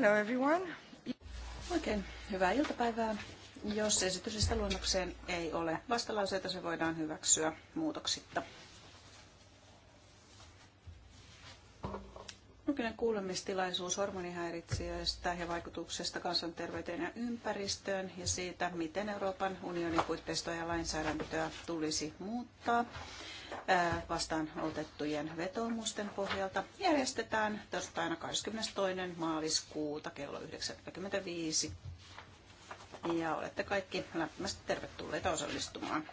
Hello everyone. Oikein hyvää iltapäivää. Jos esityksestä luonnokseen ei ole vastalauseita, se voidaan hyväksyä muutoksitta. Nykyinen kuulemistilaisuus hormonihäiritsijöistä ja vaikutuksesta kansanterveyteen ja ympäristöön ja siitä, miten Euroopan unionin puitteistoja ja lainsäädäntöä tulisi muuttaa vastaan vetoomusten pohjalta järjestetään torstaina 22. maaliskuuta kello 9.45. Ja olette kaikki lämpimästi tervetulleita osallistumaan.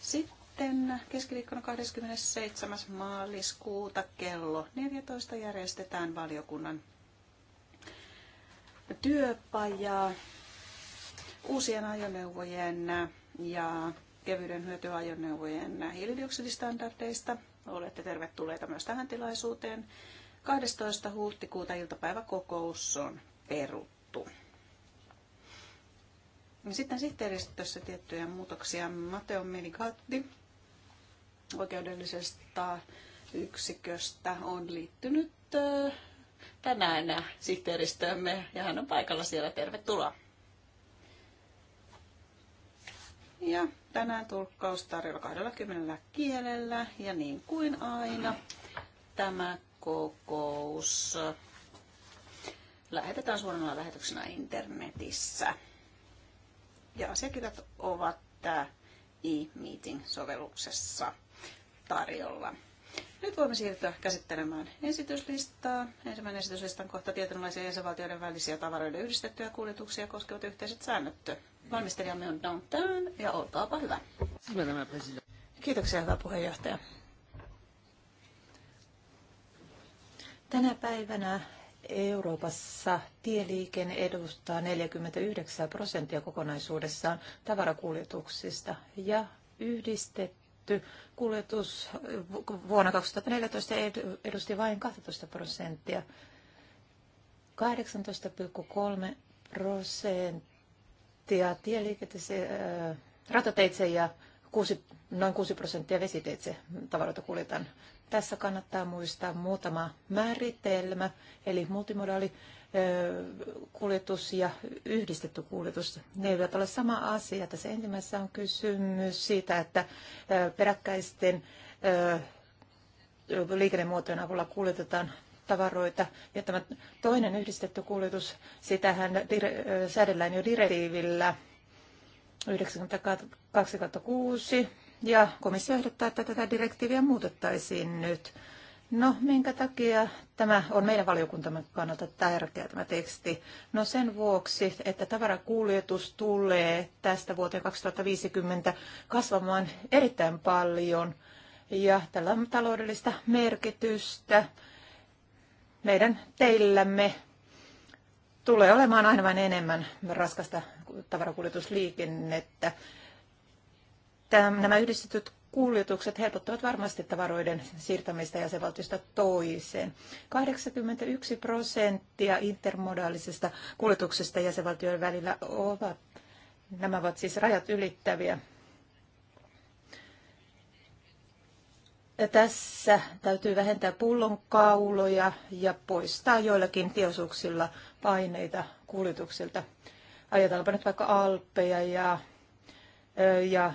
Sitten keskiviikkona 27. maaliskuuta kello 14 järjestetään valiokunnan työpaja uusien ajoneuvojen ja kevyiden hyötyajoneuvojen hiilidioksidistandardeista. Olette tervetulleita myös tähän tilaisuuteen. 12. huhtikuuta iltapäiväkokous on peruttu. Sitten sihteeristössä tiettyjä muutoksia. Mateo Medigatti oikeudellisesta yksiköstä on liittynyt äh, tänään sihteeristöömme ja hän on paikalla siellä. Tervetuloa. Ja tänään tulkkaus tarjolla 20 kielellä ja niin kuin aina tämä kokous lähetetään suorana lähetyksenä internetissä. Ja asiakirjat ovat e-meeting-sovelluksessa tarjolla. Nyt voimme siirtyä käsittelemään esityslistaa. Ensimmäinen on kohta tietynlaisia jäsenvaltioiden välisiä tavaroiden yhdistettyjä kuljetuksia koskevat yhteiset säännöt. Valmistelijamme on Downtown ja olkaapa hyvä. Kiitoksia hyvä puheenjohtaja. Tänä päivänä Euroopassa tieliikenne edustaa 49 prosenttia kokonaisuudessaan tavarakuljetuksista ja yhdistetty käytetty. Kuljetus vuonna 2014 edusti vain 12 prosenttia. 18,3 prosenttia tieliikenteessä, ratateitse ja 6, noin 6 prosenttia vesiteitse tavaroita kuljetan. Tässä kannattaa muistaa muutama määritelmä, eli multimodaali kuljetus ja yhdistetty kuljetus, ne eivät ole sama asia. Tässä ensimmäisessä on kysymys siitä, että peräkkäisten liikennemuotojen avulla kuljetetaan tavaroita. Ja tämä toinen yhdistetty kuljetus, sitähän säädellään jo direktiivillä 92 ja komissio ehdottaa, että tätä direktiiviä muutettaisiin nyt No, minkä takia tämä on meidän valiokuntamme kannalta tärkeä tämä teksti? No sen vuoksi, että tavarakuljetus tulee tästä vuoteen 2050 kasvamaan erittäin paljon ja tällä on taloudellista merkitystä meidän teillämme tulee olemaan aina vain enemmän raskasta tavarakuljetusliikennettä. Tämä, nämä yhdistetyt kuljetukset helpottavat varmasti tavaroiden siirtämistä jäsenvaltiosta toiseen. 81 prosenttia intermodaalisista kuljetuksista jäsenvaltioiden välillä ovat, nämä ovat siis rajat ylittäviä. Tässä täytyy vähentää pullonkauloja ja poistaa joillakin tiosuuksilla paineita kuljetuksilta. Ajatellaanpa nyt vaikka Alpeja ja, ja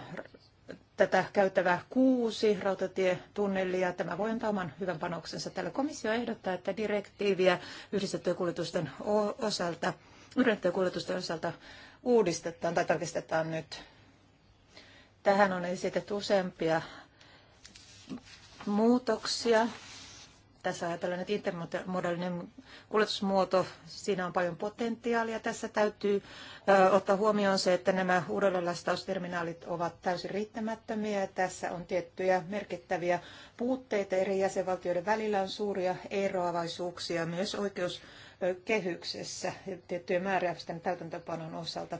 tätä käyttävää kuusi rautatietunnelia. Tämä voi antaa oman hyvän panoksensa. Tällä komissio ehdottaa, että direktiiviä yhdistettyjen kuljetusten osalta, yhdistettyjen kuljetusten osalta uudistetaan tai tarkistetaan nyt. Tähän on esitetty useampia muutoksia tässä ajatellaan, että intermodaalinen kuljetusmuoto, siinä on paljon potentiaalia. Tässä täytyy ottaa huomioon se, että nämä uudelleenlastausterminaalit ovat täysin riittämättömiä. Tässä on tiettyjä merkittäviä puutteita. Eri jäsenvaltioiden välillä on suuria eroavaisuuksia myös oikeus kehyksessä tiettyjen määräysten täytäntöpanon osalta.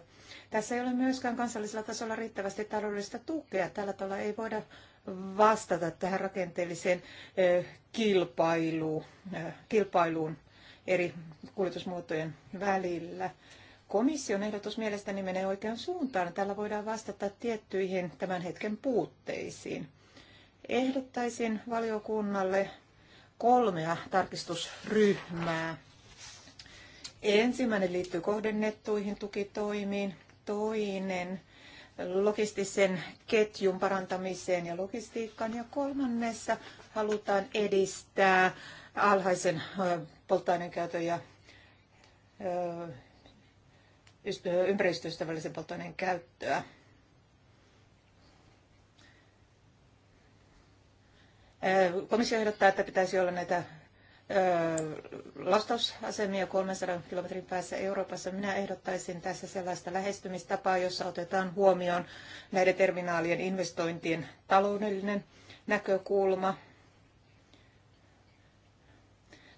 Tässä ei ole myöskään kansallisella tasolla riittävästi taloudellista tukea. Tällä tavalla ei voida vastata tähän rakenteelliseen kilpailuun, eri kuljetusmuotojen välillä. Komission ehdotus mielestäni menee oikeaan suuntaan. Tällä voidaan vastata tiettyihin tämän hetken puutteisiin. Ehdottaisin valiokunnalle kolmea tarkistusryhmää. Ensimmäinen liittyy kohdennettuihin tukitoimiin, toinen – logistisen ketjun parantamiseen ja logistiikkaan. Ja kolmannessa halutaan edistää alhaisen polttoaineen käytön ja ympäristöystävällisen polttoaineen käyttöä. Komissio ehdottaa, että pitäisi olla näitä lastausasemia 300 kilometrin päässä Euroopassa. Minä ehdottaisin tässä sellaista lähestymistapaa, jossa otetaan huomioon näiden terminaalien investointien taloudellinen näkökulma.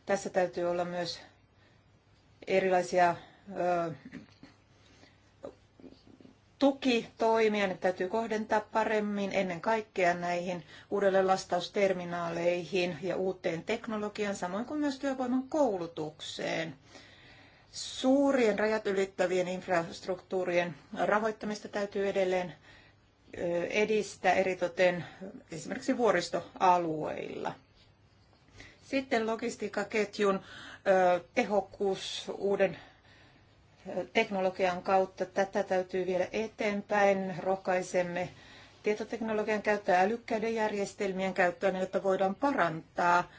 Tässä täytyy olla myös erilaisia tukitoimia, ne täytyy kohdentaa paremmin ennen kaikkea näihin uudelle lastausterminaaleihin ja uuteen teknologiaan, samoin kuin myös työvoiman koulutukseen. Suurien rajat ylittävien infrastruktuurien rahoittamista täytyy edelleen edistää eritoten esimerkiksi vuoristoalueilla. Sitten logistiikkaketjun tehokkuus, uuden teknologian kautta. Tätä täytyy vielä eteenpäin. Rohkaisemme tietoteknologian käyttöä, älykkäiden järjestelmien käyttöä, niin jotta voidaan parantaa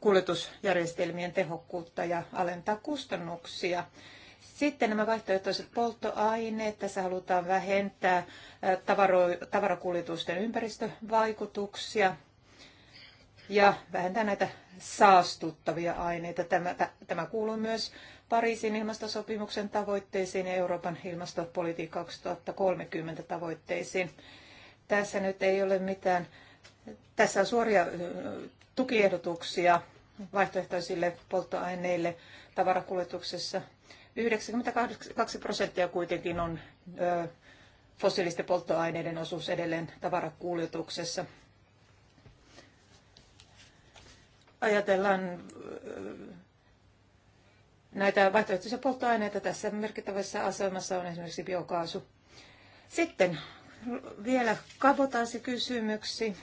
kuljetusjärjestelmien tehokkuutta ja alentaa kustannuksia. Sitten nämä vaihtoehtoiset polttoaineet. Tässä halutaan vähentää tavaro, tavarakuljetusten ympäristövaikutuksia ja vähentää näitä saastuttavia aineita. Tämä, tämä kuuluu myös Pariisin ilmastosopimuksen tavoitteisiin ja Euroopan ilmastopolitiikka 2030 tavoitteisiin. Tässä nyt ei ole mitään, tässä on suoria tukiehdotuksia vaihtoehtoisille polttoaineille tavarakuljetuksessa. 92 prosenttia kuitenkin on fossiilisten polttoaineiden osuus edelleen tavarakuljetuksessa. ajatellaan äh, näitä vaihtoehtoisia polttoaineita, tässä merkittävässä asemassa on esimerkiksi biokaasu. Sitten vielä kabotaasikysymyksi.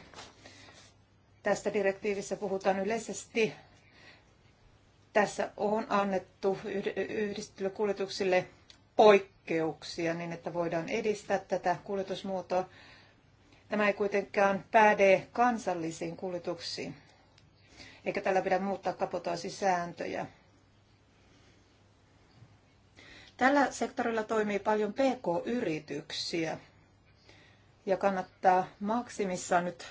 Tästä direktiivissä puhutaan yleisesti. Tässä on annettu yhdistetylle kuljetuksille poikkeuksia niin, että voidaan edistää tätä kuljetusmuotoa. Tämä ei kuitenkaan päde kansallisiin kuljetuksiin eikä tällä pidä muuttaa kapotaasisääntöjä. Tällä sektorilla toimii paljon pk-yrityksiä ja kannattaa maksimissaan nyt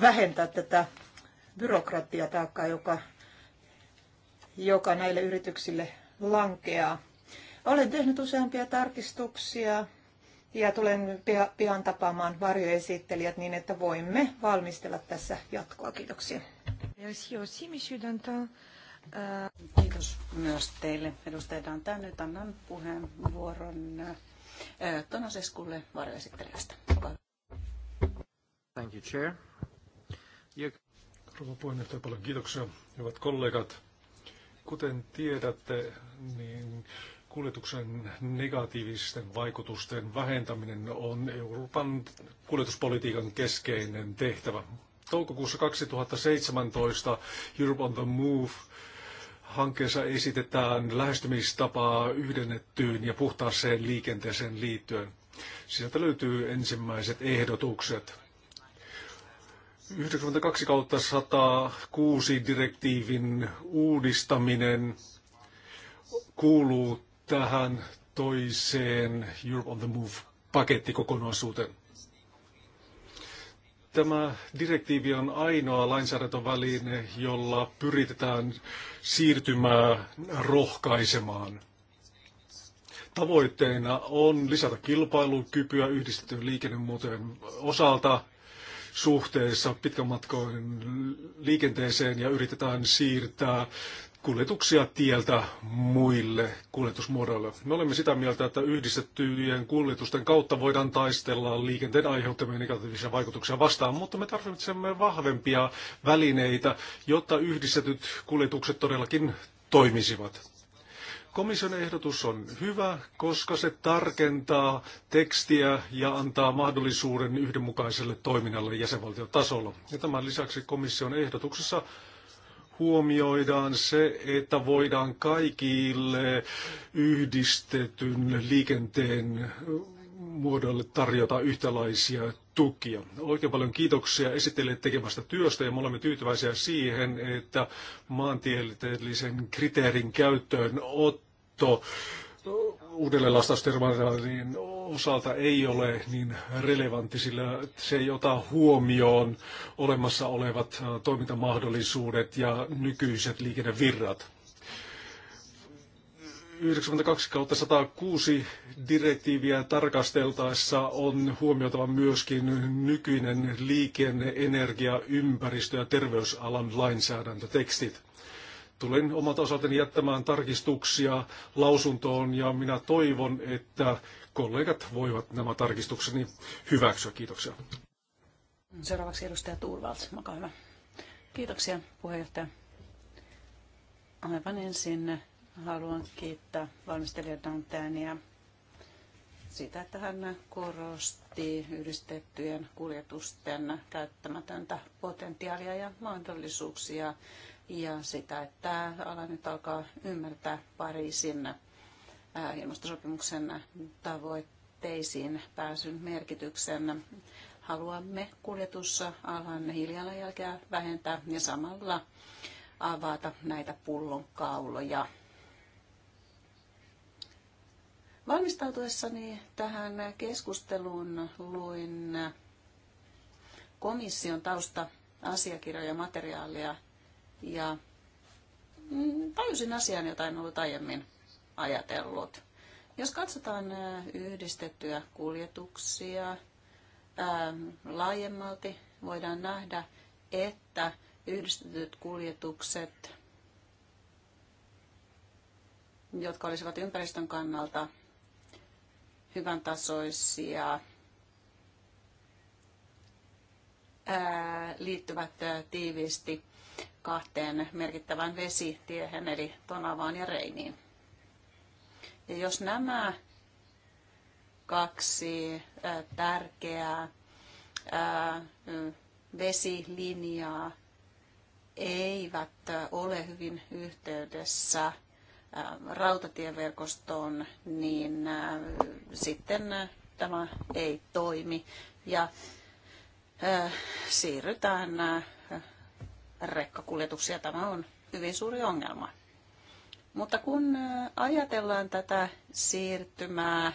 vähentää tätä byrokratiataakkaa, joka, joka näille yrityksille lankeaa. Olen tehnyt useampia tarkistuksia ja tulen pian tapaamaan varjoesittelijät niin, että voimme valmistella tässä jatkoa. Kiitoksia. Merci aussi, Monsieur Dantin. Äh, Kiitos myös teille, edustaja Dantin. Nyt annan puheenvuoron äh, Tonaseskulle varjoesittelijästä. Thank you, Chair. Rouva puheenjohtaja, paljon kiitoksia. Hyvät kollegat, kuten tiedätte, niin kuljetuksen negatiivisten vaikutusten vähentäminen on Euroopan kuljetuspolitiikan keskeinen tehtävä toukokuussa 2017 Europe on the Move hankkeessa esitetään lähestymistapaa yhdennettyyn ja puhtaaseen liikenteeseen liittyen. Sieltä löytyy ensimmäiset ehdotukset. 92 kautta 106 direktiivin uudistaminen kuuluu tähän toiseen Europe on the Move pakettikokonaisuuteen. Tämä direktiivi on ainoa lainsäädäntöväline, jolla pyritetään siirtymää rohkaisemaan. Tavoitteena on lisätä kilpailukykyä yhdistettyjen liikennemuotojen osalta suhteessa pitkän matkojen liikenteeseen ja yritetään siirtää kuljetuksia tieltä muille kuljetusmuodoille. Me olemme sitä mieltä, että yhdistettyjen kuljetusten kautta voidaan taistella liikenteen aiheuttamia negatiivisia vaikutuksia vastaan, mutta me tarvitsemme vahvempia välineitä, jotta yhdistetyt kuljetukset todellakin toimisivat. Komission ehdotus on hyvä, koska se tarkentaa tekstiä ja antaa mahdollisuuden yhdenmukaiselle toiminnalle jäsenvaltiotasolla. Ja tämän lisäksi komission ehdotuksessa huomioidaan se, että voidaan kaikille yhdistetyn liikenteen muodolle tarjota yhtälaisia tukia. Oikein paljon kiitoksia esittelijät tekemästä työstä ja me olemme tyytyväisiä siihen, että maantieteellisen kriteerin käyttöön otto uudelleen lastausterminaaliin osalta ei ole niin relevantti, sillä se ei ota huomioon olemassa olevat äh, toimintamahdollisuudet ja nykyiset liikennevirrat. 92-106 direktiiviä tarkasteltaessa on huomioitava myöskin nykyinen liikenne, energia, ympäristö- ja terveysalan lainsäädäntötekstit tulen omalta osaltani jättämään tarkistuksia lausuntoon ja minä toivon, että kollegat voivat nämä tarkistukseni hyväksyä. Kiitoksia. Seuraavaksi edustaja Turvalts, olkaa hyvä. Kiitoksia puheenjohtaja. Aivan ensin haluan kiittää valmistelija Dantania siitä, että hän korosti yhdistettyjen kuljetusten käyttämätöntä potentiaalia ja mahdollisuuksia ja sitä, että ala nyt alkaa ymmärtää Pariisin äh, ilmastosopimuksen tavoitteisiin pääsyn merkityksen. Haluamme alan hiilijalanjälkeä vähentää ja samalla avata näitä pullonkauloja. Valmistautuessani tähän keskusteluun luin komission tausta asiakirjoja materiaalia ja mm, tajusin asian, jota en ollut aiemmin ajatellut. Jos katsotaan yhdistettyjä kuljetuksia laajemmalti, voidaan nähdä, että yhdistetyt kuljetukset, jotka olisivat ympäristön kannalta hyvän tasoisia, liittyvät tiiviisti kahteen merkittävään vesitiehen, eli Tonavaan ja Reiniin. Ja jos nämä kaksi tärkeää vesilinjaa eivät ole hyvin yhteydessä rautatieverkostoon, niin sitten tämä ei toimi ja siirrytään rekkakuljetuksia. Tämä on hyvin suuri ongelma. Mutta kun ajatellaan tätä siirtymää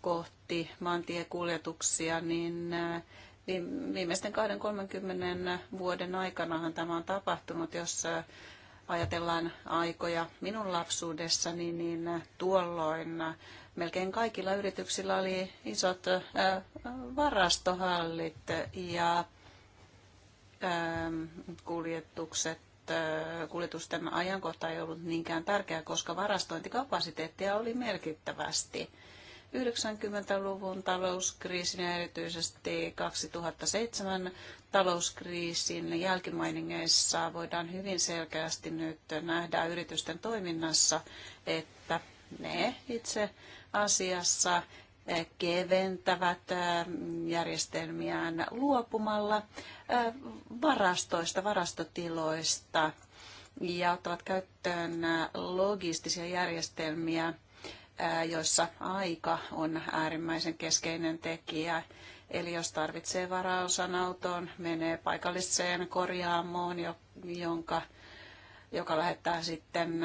kohti maantiekuljetuksia, niin viimeisten 20-30 vuoden aikanahan tämä on tapahtunut, jos ajatellaan aikoja minun lapsuudessani, niin tuolloin melkein kaikilla yrityksillä oli isot varastohallit ja Ähm, kuljetukset, äh, kuljetusten ajankohta ei ollut niinkään tärkeä, koska varastointikapasiteettia oli merkittävästi. 90-luvun talouskriisin ja erityisesti 2007 talouskriisin jälkimainingeissa voidaan hyvin selkeästi nyt nähdä yritysten toiminnassa, että ne itse asiassa keventävät järjestelmiään luopumalla varastoista, varastotiloista ja ottavat käyttöön logistisia järjestelmiä, joissa aika on äärimmäisen keskeinen tekijä. Eli jos tarvitsee varaosan autoon, menee paikalliseen korjaamoon, jonka, joka lähettää sitten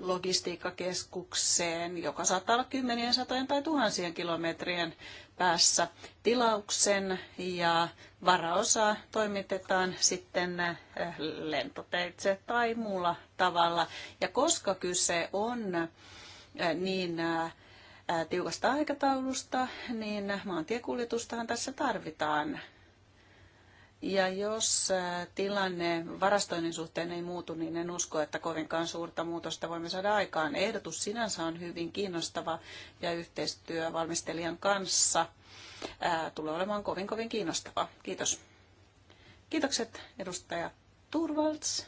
logistiikkakeskukseen, joka saattaa olla kymmenien, satojen tai tuhansien kilometrien päässä tilauksen ja varaosa toimitetaan sitten lentoteitse tai muulla tavalla. Ja koska kyse on niin tiukasta aikataulusta, niin maantiekuljetustahan tässä tarvitaan ja jos äh, tilanne varastoinnin suhteen ei muutu, niin en usko, että kovinkaan suurta muutosta voimme saada aikaan. Ehdotus sinänsä on hyvin kiinnostava ja yhteistyö valmistelijan kanssa äh, tulee olemaan kovin kovin kiinnostava. Kiitos. Kiitokset edustaja Turvalds.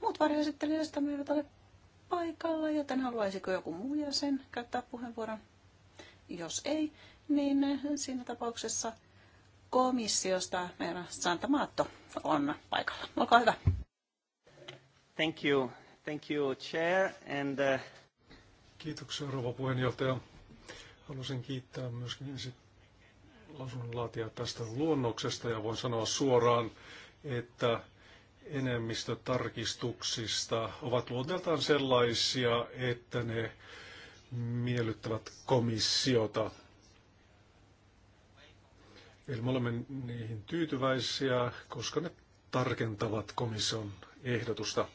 Muut varjoesittelijöistä me eivät ole paikalla, joten haluaisiko joku muu jäsen käyttää puheenvuoron? Jos ei, niin siinä tapauksessa komissiosta meidän Santa Maatto on paikalla. Olkaa hyvä. Thank you. Thank you, Chair. And, uh... Kiitoksia, rouva puheenjohtaja. Haluaisin kiittää myöskin lausunnonlaatia tästä luonnoksesta ja voin sanoa suoraan, että enemmistö tarkistuksista ovat luonteeltaan sellaisia, että ne miellyttävät komissiota. Eli me olemme niihin tyytyväisiä, koska ne tarkentavat komission ehdotusta.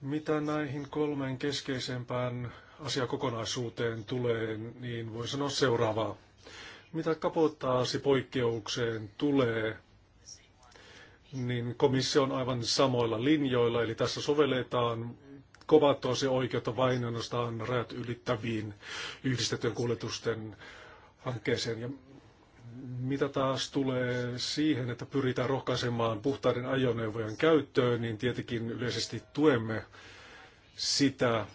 Mitä näihin kolmeen keskeisempään asiakokonaisuuteen tulee, niin voin sanoa seuraavaa. Mitä kapotaasi poikkeukseen tulee, niin komissio on aivan samoilla linjoilla, eli tässä sovelletaan kovatoisi oikeutta vain ainoastaan rajat ylittäviin yhdistettyjen kuljetusten hankkeeseen. Ja mitä taas tulee siihen, että pyritään rohkaisemaan puhtaiden ajoneuvojen käyttöön, niin tietenkin yleisesti tuemme sitä,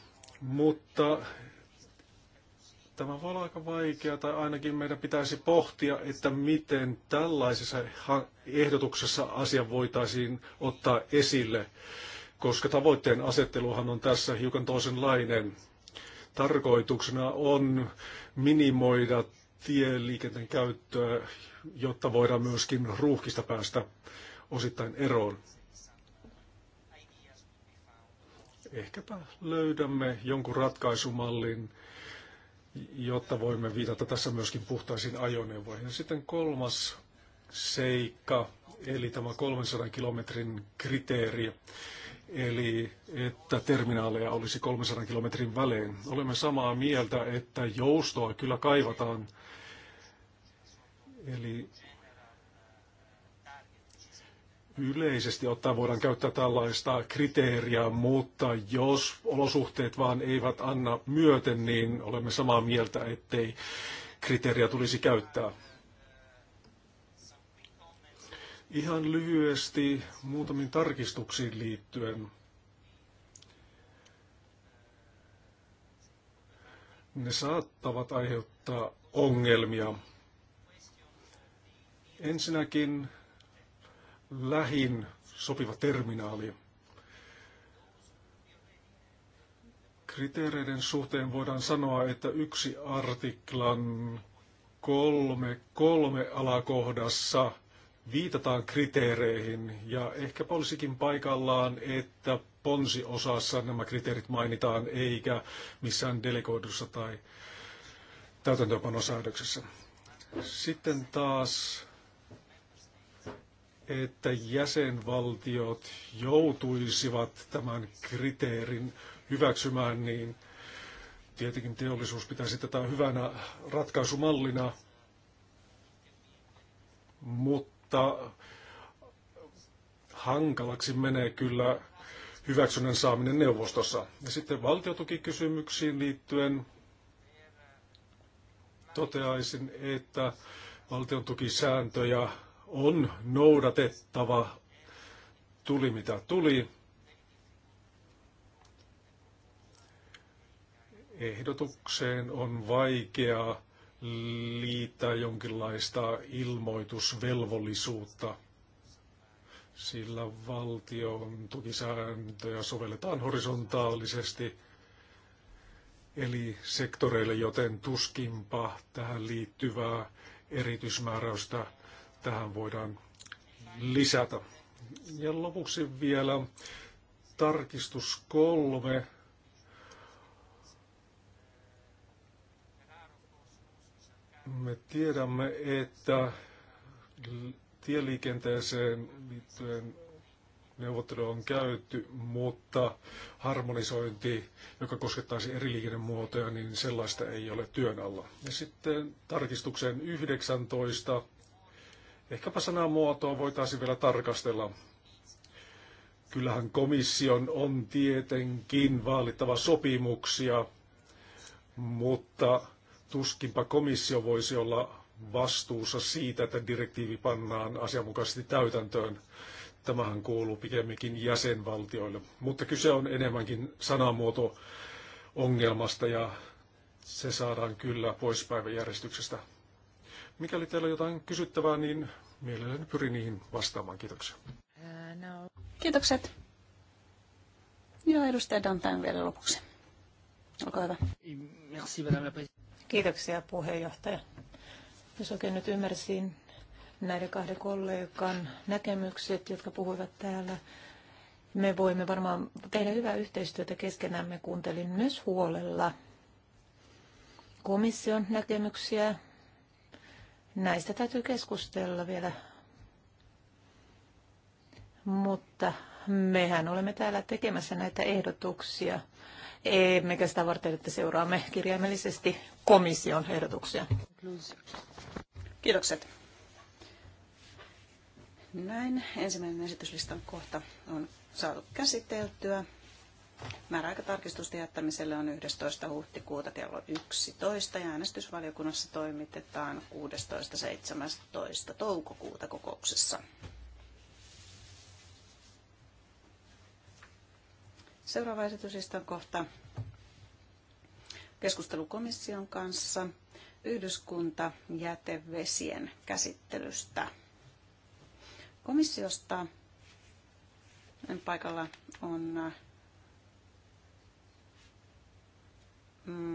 mutta tämä voi olla aika vaikea, tai ainakin meidän pitäisi pohtia, että miten tällaisessa ehdotuksessa asia voitaisiin ottaa esille, koska tavoitteen asetteluhan on tässä hiukan toisenlainen. Tarkoituksena on minimoida tieliikenteen käyttöä, jotta voidaan myöskin ruuhkista päästä osittain eroon. Ehkäpä löydämme jonkun ratkaisumallin, jotta voimme viitata tässä myöskin puhtaisiin ajoneuvoihin. Ja sitten kolmas seikka, eli tämä 300 kilometrin kriteeri eli että terminaaleja olisi 300 kilometrin välein. Olemme samaa mieltä, että joustoa kyllä kaivataan. Eli yleisesti ottaen voidaan käyttää tällaista kriteeriä, mutta jos olosuhteet vaan eivät anna myöten, niin olemme samaa mieltä, ettei kriteeriä tulisi käyttää. Ihan lyhyesti muutamiin tarkistuksiin liittyen. Ne saattavat aiheuttaa ongelmia. Ensinnäkin lähin sopiva terminaali. Kriteereiden suhteen voidaan sanoa, että yksi artiklan kolme kolme alakohdassa – viitataan kriteereihin ja ehkä olisikin paikallaan, että ponsiosassa nämä kriteerit mainitaan eikä missään delegoidussa tai täytäntöönpanosäädöksessä. Sitten taas, että jäsenvaltiot joutuisivat tämän kriteerin hyväksymään, niin tietenkin teollisuus pitäisi tätä hyvänä ratkaisumallina, mutta mutta hankalaksi menee kyllä hyväksynnän saaminen neuvostossa. Ja sitten valtiotukikysymyksiin liittyen toteaisin, että valtiontukisääntöjä on noudatettava, tuli mitä tuli. Ehdotukseen on vaikeaa liittää jonkinlaista ilmoitusvelvollisuutta, sillä valtion tukisääntöjä sovelletaan horisontaalisesti eli sektoreille, joten tuskinpa tähän liittyvää erityismääräystä tähän voidaan lisätä. Ja lopuksi vielä tarkistus kolme Me tiedämme, että tieliikenteeseen liittyen neuvottelu on käyty, mutta harmonisointi, joka koskettaisi eri liikennemuotoja, niin sellaista ei ole työn alla. Ja sitten tarkistukseen 19. Ehkäpä sanamuotoa voitaisiin vielä tarkastella. Kyllähän komission on tietenkin vaalittava sopimuksia, mutta Tuskinpa komissio voisi olla vastuussa siitä, että direktiivi pannaan asianmukaisesti täytäntöön. Tämähän kuuluu pikemminkin jäsenvaltioille. Mutta kyse on enemmänkin sanamuoto ongelmasta ja se saadaan kyllä pois päiväjärjestyksestä. Mikäli teillä on jotain kysyttävää, niin mielelläni pyrin niihin vastaamaan. Kiitoksia. Kiitokset. Ja edustaja Dantain vielä lopuksi. Olkaa hyvä. Merci, madame la Kiitoksia puheenjohtaja. Jos oikein nyt ymmärsin näiden kahden kollegan näkemykset, jotka puhuivat täällä, me voimme varmaan tehdä hyvää yhteistyötä keskenämme. Kuuntelin myös huolella komission näkemyksiä. Näistä täytyy keskustella vielä. Mutta mehän olemme täällä tekemässä näitä ehdotuksia emmekä sitä varten, että seuraamme kirjaimellisesti komission ehdotuksia. Kiitokset. Näin. Ensimmäinen esityslistan kohta on saatu käsiteltyä. Määräaikatarkistusten jättämiselle on 11. huhtikuuta kello 11 ja äänestysvaliokunnassa toimitetaan 16.17. toukokuuta kokouksessa. Seuraava esityslistan kohta. Keskustelu komission kanssa jätevesien käsittelystä. Komissiosta paikalla on äh,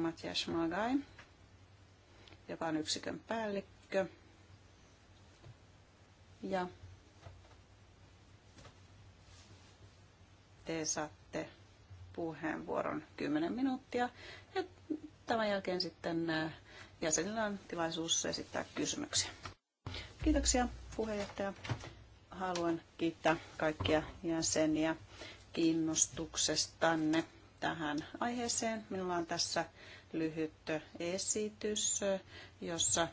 Matias Magai, joka on yksikön päällikkö. Ja te saatte puheenvuoron 10 minuuttia. Ja tämän jälkeen sitten äh, jäsenillä on tilaisuus esittää kysymyksiä. Kiitoksia puheenjohtaja. Haluan kiittää kaikkia jäseniä kiinnostuksestanne tähän aiheeseen. Minulla on tässä lyhyt esitys, jossa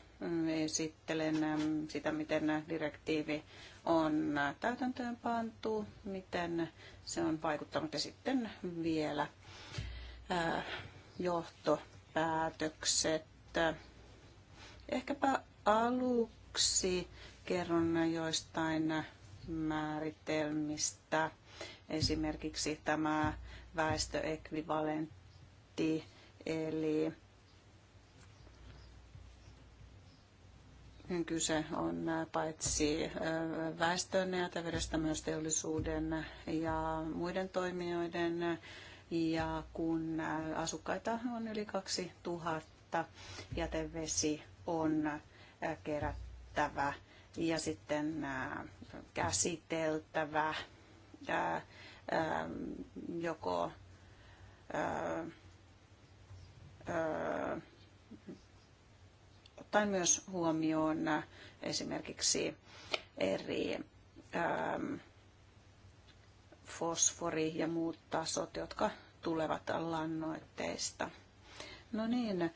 esittelen ähm, sitä, miten direktiivi on täytäntöön pantu, miten se on vaikuttanut ja sitten vielä äh, johtopäätökset. Ehkäpä aluksi kerron joistain määritelmistä. Esimerkiksi tämä väestöekvivalentti, eli kyse on paitsi väestön terveydestä myös teollisuuden ja muiden toimijoiden. Ja kun asukkaita on yli 2000, jätevesi on kerättävä ja sitten käsiteltävä joko ottaen myös huomioon äh, esimerkiksi eri ähm, fosfori ja muut tasot, jotka tulevat lannoitteista. No niin,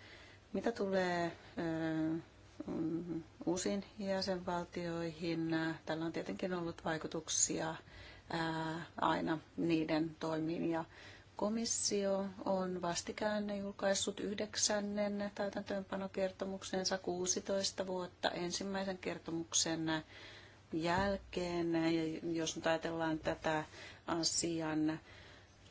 mitä tulee äh, mm, uusiin jäsenvaltioihin, tällä on tietenkin ollut vaikutuksia äh, aina niiden toimiin ja Komissio on vastikään julkaissut yhdeksännen täytäntöönpanokertomuksensa 16 vuotta ensimmäisen kertomuksen jälkeen. Jos nyt ajatellaan tätä asian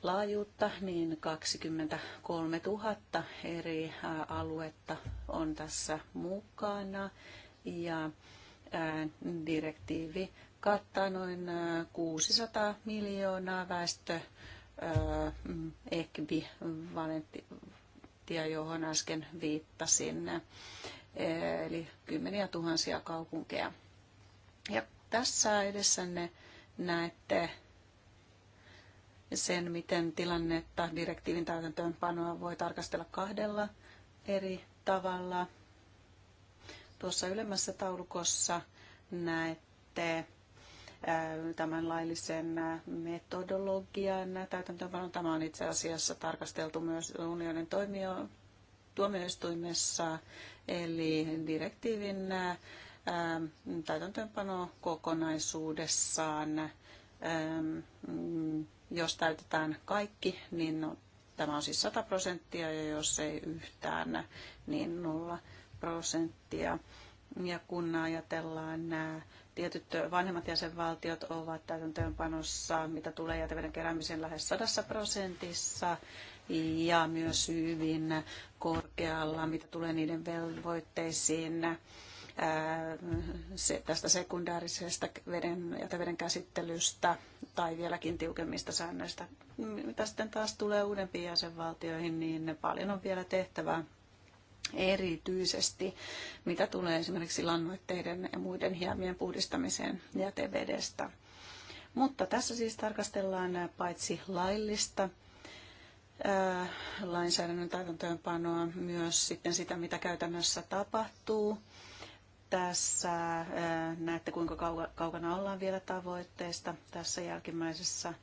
laajuutta, niin 23 000 eri aluetta on tässä mukana ja direktiivi kattaa noin 600 miljoonaa väestö valentia, johon äsken viittasin, eli kymmeniä tuhansia kaupunkeja. Ja tässä edessänne näette sen, miten tilannetta direktiivin täytäntöönpanoa voi tarkastella kahdella eri tavalla. Tuossa ylemmässä taulukossa näette tämän laillisen metodologian täytäntöönpanon. Tämä on itse asiassa tarkasteltu myös unionin toimio, tuomioistuimessa, eli direktiivin täytäntöönpano kokonaisuudessaan. Mm, jos täytetään kaikki, niin no, tämä on siis 100 prosenttia ja jos ei yhtään, niin 0 prosenttia. Ja kun ajatellaan nämä tietyt vanhemmat jäsenvaltiot ovat täytäntöönpanossa, mitä tulee jäteveden keräämiseen lähes sadassa prosentissa ja myös hyvin korkealla, mitä tulee niiden velvoitteisiin se, tästä sekundaarisesta veden, jäteveden käsittelystä tai vieläkin tiukemmista säännöistä. Mitä sitten taas tulee uudempiin jäsenvaltioihin, niin paljon on vielä tehtävää erityisesti, mitä tulee esimerkiksi lannoitteiden ja muiden hiemien puhdistamiseen jätevedestä. Mutta tässä siis tarkastellaan paitsi laillista ää, lainsäädännön täytäntöönpanoa, myös sitten sitä, mitä käytännössä tapahtuu. Tässä ää, näette, kuinka kaukana ollaan vielä tavoitteista tässä jälkimmäisessä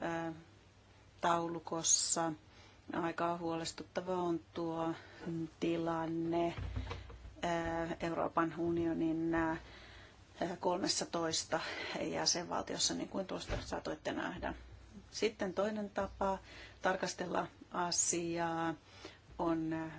ää, taulukossa. Aika huolestuttava on tuo tilanne äh, Euroopan unionin 13 äh, jäsenvaltiossa, niin kuin tuosta saatoitte nähdä. Sitten toinen tapa tarkastella asiaa on äh,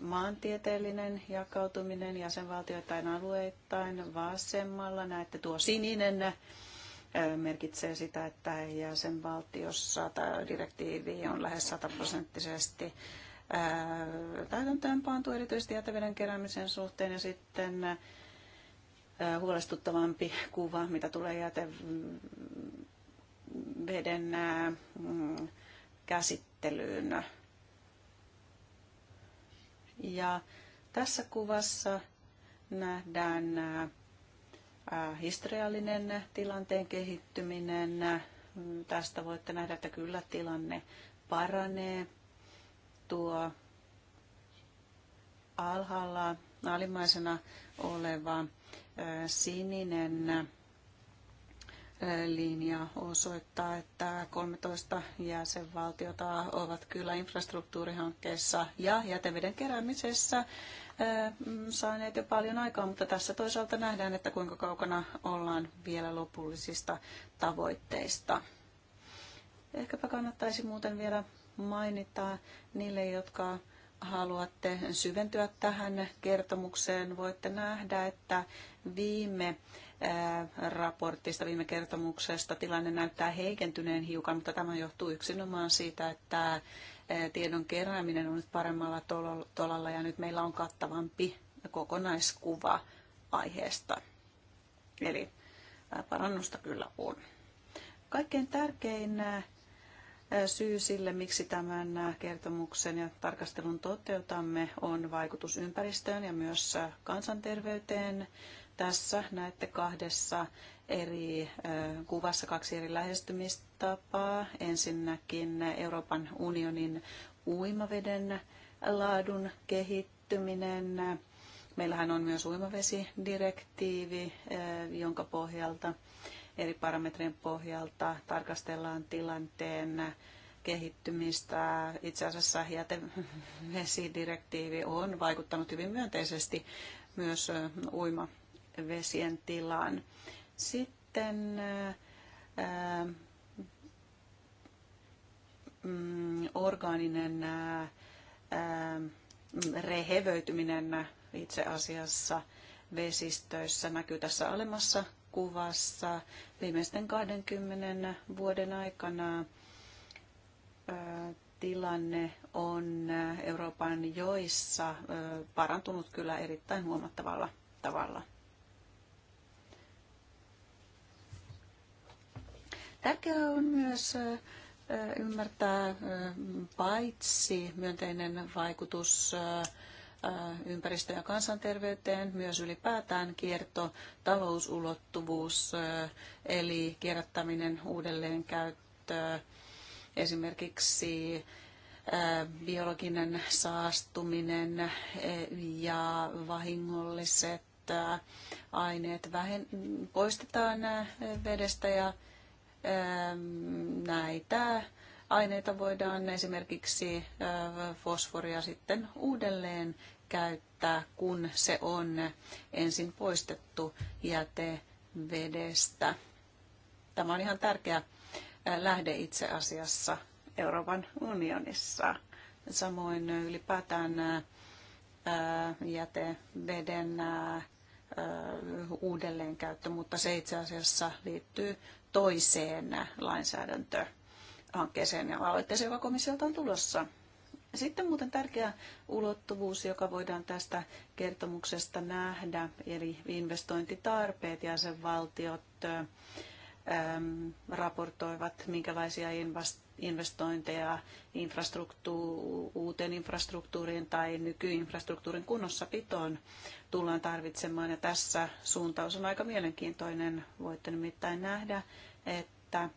maantieteellinen jakautuminen jäsenvaltioittain alueittain vasemmalla. Näette tuo sininen merkitsee sitä, että jäsenvaltiossa tämä direktiivi on lähes sataprosenttisesti täytäntöönpantu erityisesti jäteveden keräämisen suhteen ja sitten huolestuttavampi kuva, mitä tulee jäteveden mm, käsittelyyn ja tässä kuvassa nähdään historiallinen tilanteen kehittyminen. Tästä voitte nähdä, että kyllä tilanne paranee. Tuo alhaalla alimmaisena oleva sininen linja osoittaa, että 13 jäsenvaltiota ovat kyllä infrastruktuurihankkeessa ja jäteveden keräämisessä eh, saaneet jo paljon aikaa, mutta tässä toisaalta nähdään, että kuinka kaukana ollaan vielä lopullisista tavoitteista. Ehkäpä kannattaisi muuten vielä mainita niille, jotka haluatte syventyä tähän kertomukseen. Voitte nähdä, että viime raportista, viime kertomuksesta. Tilanne näyttää heikentyneen hiukan, mutta tämä johtuu yksinomaan siitä, että tiedon kerääminen on nyt paremmalla tolalla ja nyt meillä on kattavampi kokonaiskuva aiheesta. Eli parannusta kyllä on. Kaikkein tärkein syy sille, miksi tämän kertomuksen ja tarkastelun toteutamme, on vaikutus ympäristöön ja myös kansanterveyteen. Tässä näette kahdessa eri kuvassa kaksi eri lähestymistapaa. Ensinnäkin Euroopan unionin uimaveden laadun kehittyminen. Meillähän on myös uimavesidirektiivi, jonka pohjalta eri parametrien pohjalta tarkastellaan tilanteen kehittymistä. Itse asiassa jätevesidirektiivi on vaikuttanut hyvin myönteisesti myös uima vesien tilaan. Sitten ää, äh, mm, orgaaninen ää, äh, äh, rehevöityminen itse asiassa vesistöissä näkyy tässä alemmassa kuvassa. Viimeisten 20 vuoden aikana tilanne on Euroopan joissa parantunut kyllä erittäin huomattavalla tavalla. Tärkeää on myös ymmärtää paitsi myönteinen vaikutus ympäristöön ja kansanterveyteen, myös ylipäätään kierto, talousulottuvuus, eli kierrättäminen, käyttö, esimerkiksi biologinen saastuminen ja vahingolliset aineet vähen, poistetaan vedestä ja näitä aineita voidaan esimerkiksi äh, fosforia sitten uudelleen käyttää, kun se on ensin poistettu jätevedestä. Tämä on ihan tärkeä äh, lähde itse asiassa Euroopan unionissa. Samoin ylipäätään äh, jäteveden uudelleenkäyttö, mutta se itse asiassa liittyy toiseen lainsäädäntöhankkeeseen ja aloitteeseen, joka komissiolta on tulossa. Sitten muuten tärkeä ulottuvuus, joka voidaan tästä kertomuksesta nähdä, eli investointitarpeet ja jäsenvaltiot valtiot raportoivat, minkälaisia investointeja infrastruktu- uuteen infrastruktuuriin tai nykyinfrastruktuurin kunnossapitoon tullaan tarvitsemaan. Ja tässä suuntaus on aika mielenkiintoinen. Voitte nimittäin nähdä, että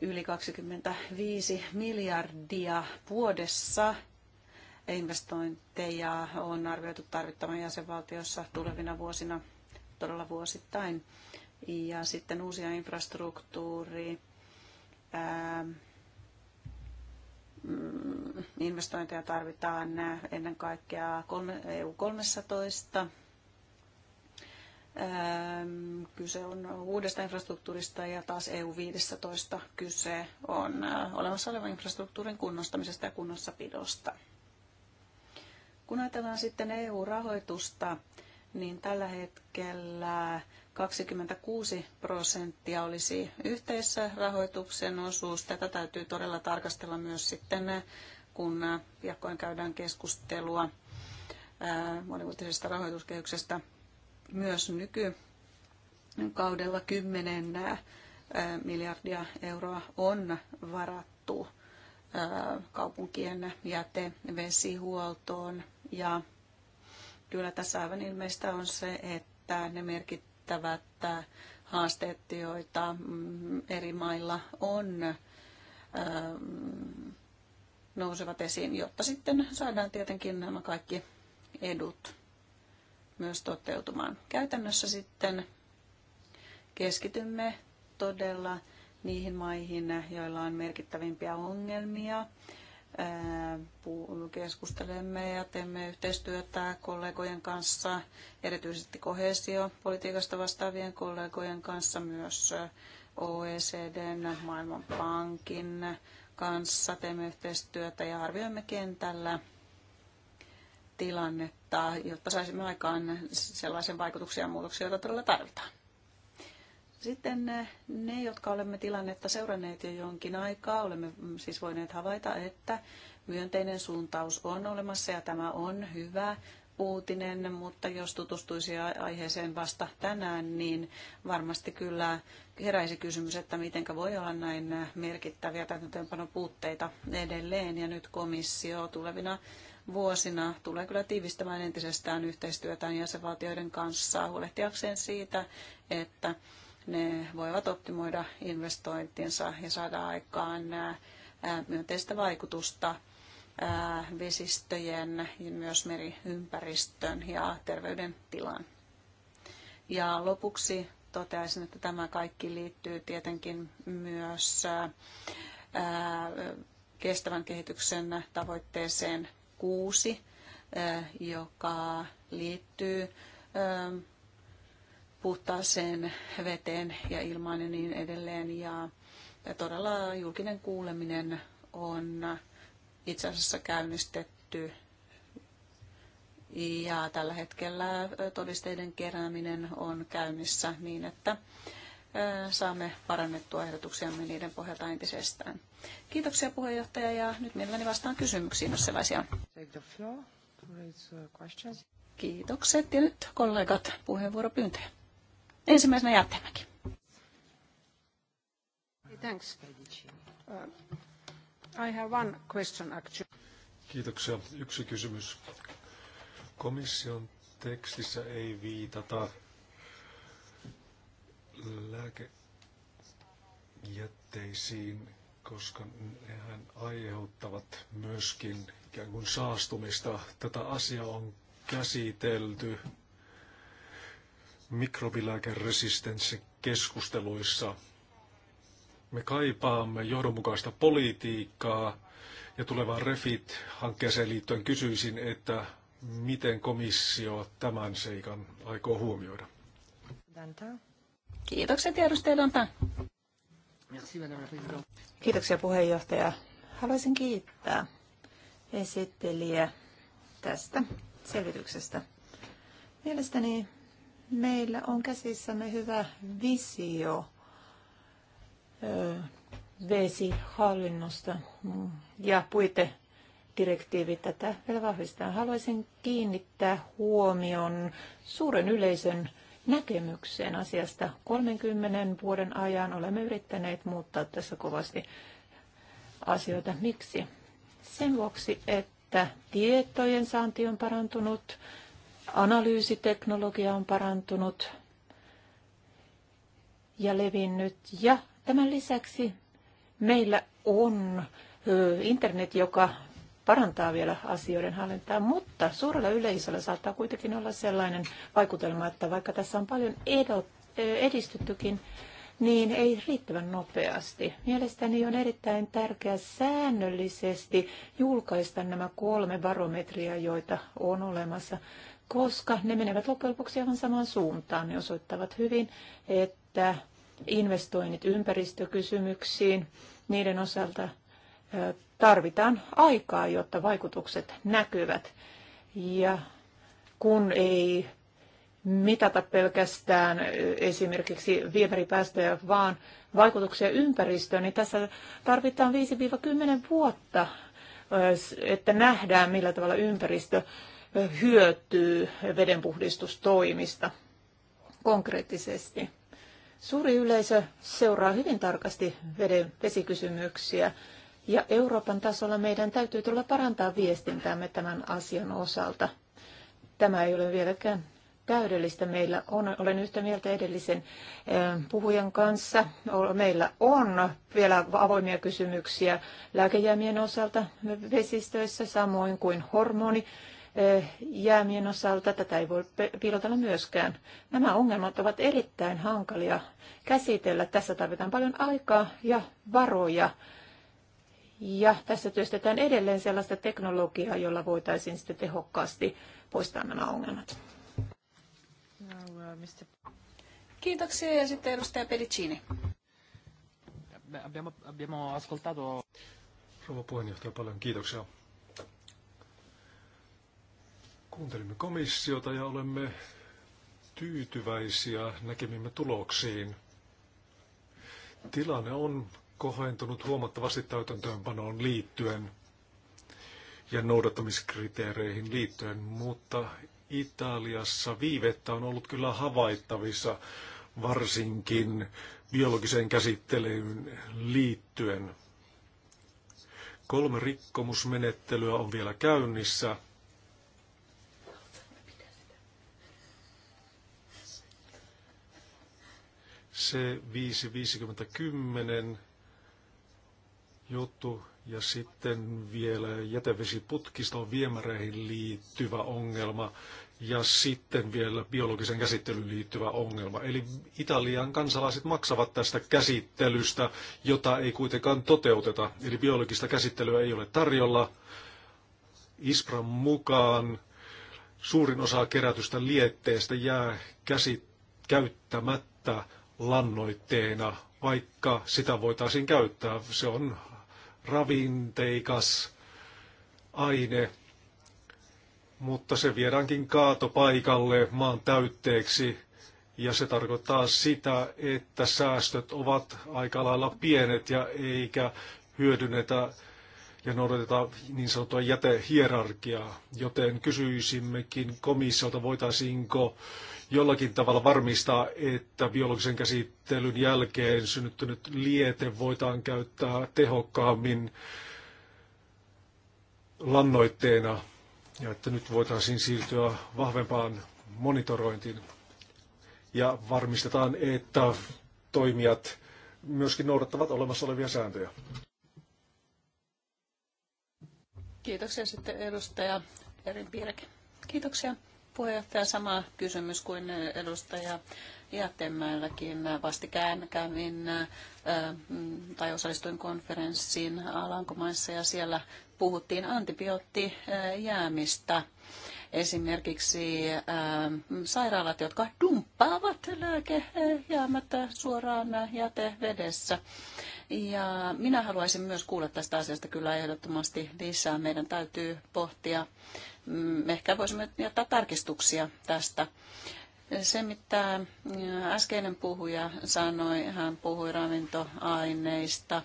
yli 25 miljardia vuodessa investointeja on arvioitu tarvittavan jäsenvaltiossa tulevina vuosina todella vuosittain. Ja sitten uusia infrastruktuuri Ähm, mm, investointeja tarvitaan ennen kaikkea EU-13. Ähm, kyse on uudesta infrastruktuurista ja taas EU-15 kyse on äh, olemassa olevan infrastruktuurin kunnostamisesta ja kunnossapidosta. Kun ajatellaan sitten EU-rahoitusta, niin tällä hetkellä 26 prosenttia olisi yhteissä rahoituksen osuus. Tätä täytyy todella tarkastella myös sitten, kun piakkoin käydään keskustelua monivuotisesta rahoituskehyksestä myös nykykaudella 10 miljardia euroa on varattu kaupunkien jäte, vesihuoltoon ja kyllä tässä aivan ilmeistä on se, että ne merkittävät äh, haasteet, joita mm, eri mailla on, ähm, nousevat esiin, jotta sitten saadaan tietenkin nämä kaikki edut myös toteutumaan. Käytännössä sitten keskitymme todella niihin maihin, joilla on merkittävimpiä ongelmia keskustelemme ja teemme yhteistyötä kollegojen kanssa, erityisesti kohesiopolitiikasta vastaavien kollegojen kanssa, myös OECDn, Maailmanpankin kanssa teemme yhteistyötä ja arvioimme kentällä tilannetta, jotta saisimme aikaan sellaisen vaikutuksia ja muutoksia, joita todella tarvitaan. Sitten eh, ne, jotka olemme tilannetta seuranneet jo jonkin aikaa, olemme mm, siis voineet havaita, että myönteinen suuntaus on olemassa ja tämä on hyvä uutinen, mutta jos tutustuisi aiheeseen vasta tänään, niin varmasti kyllä heräisi kysymys, että miten voi olla näin eh, merkittäviä täytäntöönpanon puutteita edelleen. Ja nyt komissio tulevina vuosina tulee kyllä tiivistämään entisestään yhteistyötään jäsenvaltioiden kanssa huolehtiakseen siitä, että ne voivat optimoida investointinsa ja saada aikaan myönteistä vaikutusta vesistöjen ja myös meriympäristön ja terveydentilan. Ja lopuksi toteaisin, että tämä kaikki liittyy tietenkin myös kestävän kehityksen tavoitteeseen kuusi, joka liittyy puhtaaseen veteen ja ilmaan ja niin edelleen. Ja, ja todella julkinen kuuleminen on itse asiassa käynnistetty ja tällä hetkellä todisteiden kerääminen on käynnissä niin, että saamme parannettua ehdotuksiamme niiden pohjalta entisestään. Kiitoksia puheenjohtaja ja nyt mielelläni vastaan kysymyksiin, jos sellaisia on. Uh, Kiitokset ja nyt kollegat puheenvuoropyyntöjä. Ensimmäisenä Jäätteenmäki. Thanks, uh, I have one question actually. Kiitoksia. Yksi kysymys. Komission tekstissä ei viitata lääkejätteisiin, koska nehän aiheuttavat myöskin ikään kuin saastumista. Tätä asiaa on käsitelty mikrobilääkeresistenssikeskusteluissa. keskusteluissa. Me kaipaamme johdonmukaista politiikkaa ja tulevaan REFIT-hankkeeseen liittyen kysyisin, että miten komissio tämän seikan aikoo huomioida. Kiitokset edustaja Kiitoksia puheenjohtaja. Haluaisin kiittää esittelijä tästä selvityksestä. Mielestäni meillä on käsissämme hyvä visio vesihallinnosta ja puitedirektiivi tätä vielä vahvistaa. Haluaisin kiinnittää huomion suuren yleisön näkemykseen asiasta. 30 vuoden ajan olemme yrittäneet muuttaa tässä kovasti asioita. Miksi? Sen vuoksi, että tietojen saanti on parantunut, analyysiteknologia on parantunut ja levinnyt. Ja tämän lisäksi meillä on internet, joka parantaa vielä asioiden hallintaa, mutta suurella yleisöllä saattaa kuitenkin olla sellainen vaikutelma, että vaikka tässä on paljon edistyttykin, niin ei riittävän nopeasti. Mielestäni on erittäin tärkeää säännöllisesti julkaista nämä kolme barometria, joita on olemassa koska ne menevät loppujen lopuksi ihan samaan suuntaan. Ne osoittavat hyvin, että investoinnit ympäristökysymyksiin, niiden osalta tarvitaan aikaa, jotta vaikutukset näkyvät. Ja kun ei mitata pelkästään esimerkiksi viemäripäästöjä, vaan vaikutuksia ympäristöön, niin tässä tarvitaan 5-10 vuotta, että nähdään millä tavalla ympäristö hyötyy vedenpuhdistustoimista konkreettisesti. Suuri yleisö seuraa hyvin tarkasti veden vesikysymyksiä ja Euroopan tasolla meidän täytyy tulla parantaa viestintäämme tämän asian osalta. Tämä ei ole vieläkään täydellistä. Meillä on, olen yhtä mieltä edellisen eh, puhujan kanssa. Meillä on vielä avoimia kysymyksiä lääkejäämien osalta vesistöissä, samoin kuin hormoni Eh, jäämien osalta. Tätä ei voi piilotella myöskään. Nämä ongelmat ovat erittäin hankalia käsitellä. Tässä tarvitaan paljon aikaa ja varoja. Ja tässä työstetään edelleen sellaista teknologiaa, jolla voitaisiin sitten tehokkaasti poistaa nämä ongelmat. Kiitoksia ja sitten edustaja Pedicini. Abbiamo, abbiamo ascoltato... Rouva puheenjohtaja, paljon kiitoksia. Kuuntelimme komissiota ja olemme tyytyväisiä näkemimme tuloksiin. Tilanne on kohentunut huomattavasti täytäntöönpanoon liittyen ja noudattamiskriteereihin liittyen, mutta Italiassa viivettä on ollut kyllä havaittavissa varsinkin biologiseen käsittelyyn liittyen. Kolme rikkomusmenettelyä on vielä käynnissä – se 5510 juttu ja sitten vielä jätevesiputkista on viemäreihin liittyvä ongelma ja sitten vielä biologisen käsittelyyn liittyvä ongelma. Eli Italian kansalaiset maksavat tästä käsittelystä, jota ei kuitenkaan toteuteta. Eli biologista käsittelyä ei ole tarjolla. Ispran mukaan suurin osa kerätystä lietteestä jää käsit- käyttämättä lannoitteena, vaikka sitä voitaisiin käyttää. Se on ravinteikas aine, mutta se viedäänkin kaatopaikalle maan täytteeksi ja se tarkoittaa sitä, että säästöt ovat aika lailla pienet ja eikä hyödynnetä ja noudateta niin sanottua jätehierarkiaa, joten kysyisimmekin komissiolta, voitaisiinko jollakin tavalla varmistaa, että biologisen käsittelyn jälkeen synnyttynyt liete voidaan käyttää tehokkaammin lannoitteena ja että nyt voitaisiin siirtyä vahvempaan monitorointiin ja varmistetaan, että toimijat myöskin noudattavat olemassa olevia sääntöjä. Kiitoksia sitten edustaja Erin Piiräkin. Kiitoksia. Puheenjohtaja, sama kysymys kuin edustaja Jätemäelläkin. Vastikään kävin tai osallistuin konferenssiin Alankomaissa ja siellä puhuttiin antibioottijäämistä esimerkiksi sairaalat, jotka dumppaavat lääkejäämättä suoraan jätevedessä. Ja minä haluaisin myös kuulla tästä asiasta kyllä ehdottomasti lisää. Meidän täytyy pohtia, mm, ehkä voisimme jättää tarkistuksia tästä. Se, mitä äh, äskeinen puhuja sanoi, hän puhui ravintoaineista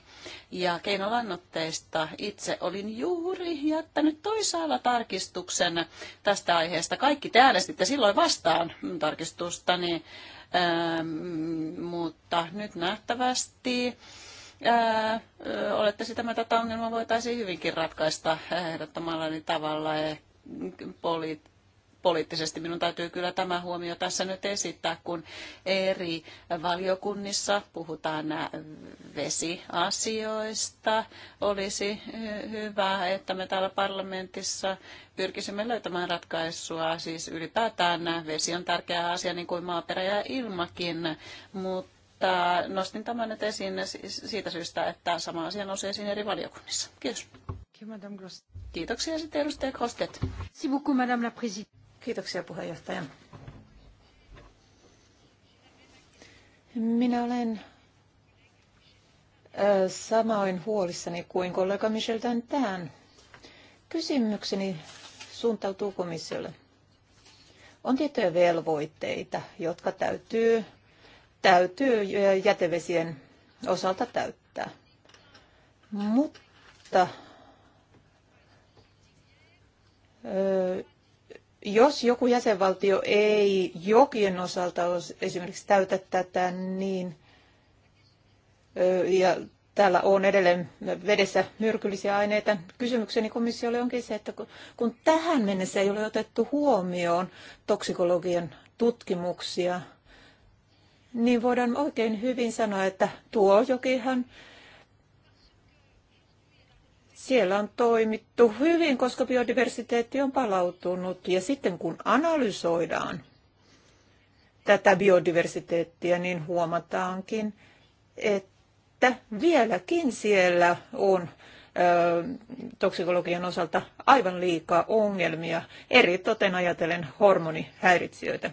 ja keinolannotteista. Itse olin juuri jättänyt toisaalla tarkistuksen tästä aiheesta. Kaikki te äänestitte silloin vastaan tarkistustani, ähm, mutta nyt nähtävästi ää, olette sitä mieltä, että ongelma voitaisiin hyvinkin ratkaista niin tavalla ja poli, poliittisesti minun täytyy kyllä tämä huomio tässä nyt esittää, kun eri valiokunnissa puhutaan vesiasioista. Olisi hyvä, että me täällä parlamentissa pyrkisimme löytämään ratkaisua. Siis ylipäätään vesi on tärkeä asia, niin kuin maaperä ja ilmakin, mutta mutta nostin tämän nyt esiin siis siitä syystä, että sama asia nousee esiin eri valiokunnissa. Kiitos. Kiitoksia sitten edustaja Kostet. Kiitoksia puheenjohtaja. Minä olen samoin huolissani kuin kollega Michel tähän. Kysymykseni suuntautuu komissiolle. On tiettyjä velvoitteita, jotka täytyy täytyy jätevesien osalta täyttää. Mutta jos joku jäsenvaltio ei jokien osalta esimerkiksi täytä tätä, niin ja täällä on edelleen vedessä myrkyllisiä aineita. Kysymykseni komissiolle onkin se, että kun tähän mennessä ei ole otettu huomioon toksikologian tutkimuksia, niin voidaan oikein hyvin sanoa, että tuo jokihan siellä on toimittu hyvin, koska biodiversiteetti on palautunut. Ja sitten kun analysoidaan tätä biodiversiteettia, niin huomataankin, että vieläkin siellä on toksikologian osalta aivan liikaa ongelmia, eri toten ajatellen hormonihäiritsijöitä.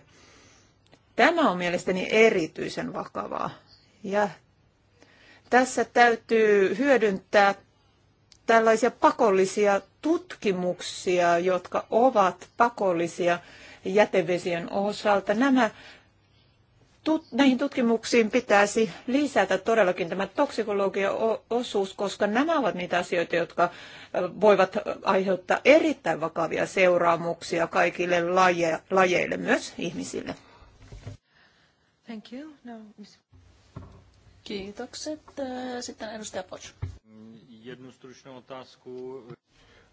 Tämä on mielestäni erityisen vakavaa. Ja tässä täytyy hyödyntää tällaisia pakollisia tutkimuksia, jotka ovat pakollisia jätevesien osalta. Nämä tut, näihin tutkimuksiin pitäisi lisätä todellakin tämä toksikologia osuus koska nämä ovat niitä asioita, jotka voivat aiheuttaa erittäin vakavia seuraamuksia kaikille laje, lajeille, myös ihmisille. Thank you. No, miss... Kiitokset. Äh, sitten edustaja Potsch. Jednu stručnu otázku.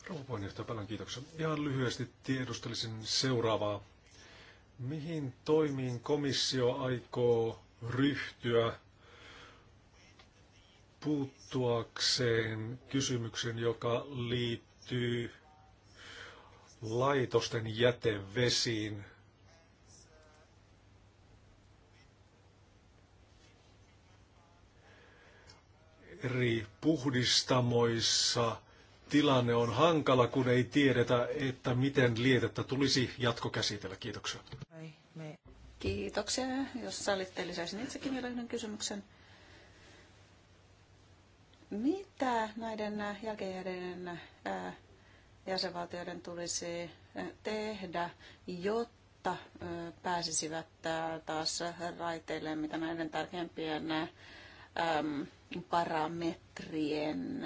Rouva puheenjohtaja, paljon kiitoksia. Ihan lyhyesti tiedustelisin seuraavaa. Mihin toimiin komissio aikoo ryhtyä puuttuakseen kysymyksen, joka liittyy laitosten jätevesiin eri puhdistamoissa tilanne on hankala, kun ei tiedetä, että miten lietettä tulisi jatkokäsitellä. Kiitoksia. Kiitoksia. Jos sallitte, lisäisin itsekin vielä yhden kysymyksen. Mitä näiden jälkeenjääneiden jäsenvaltioiden tulisi tehdä, jotta pääsisivät taas raiteille, mitä näiden tärkeimpien parametrien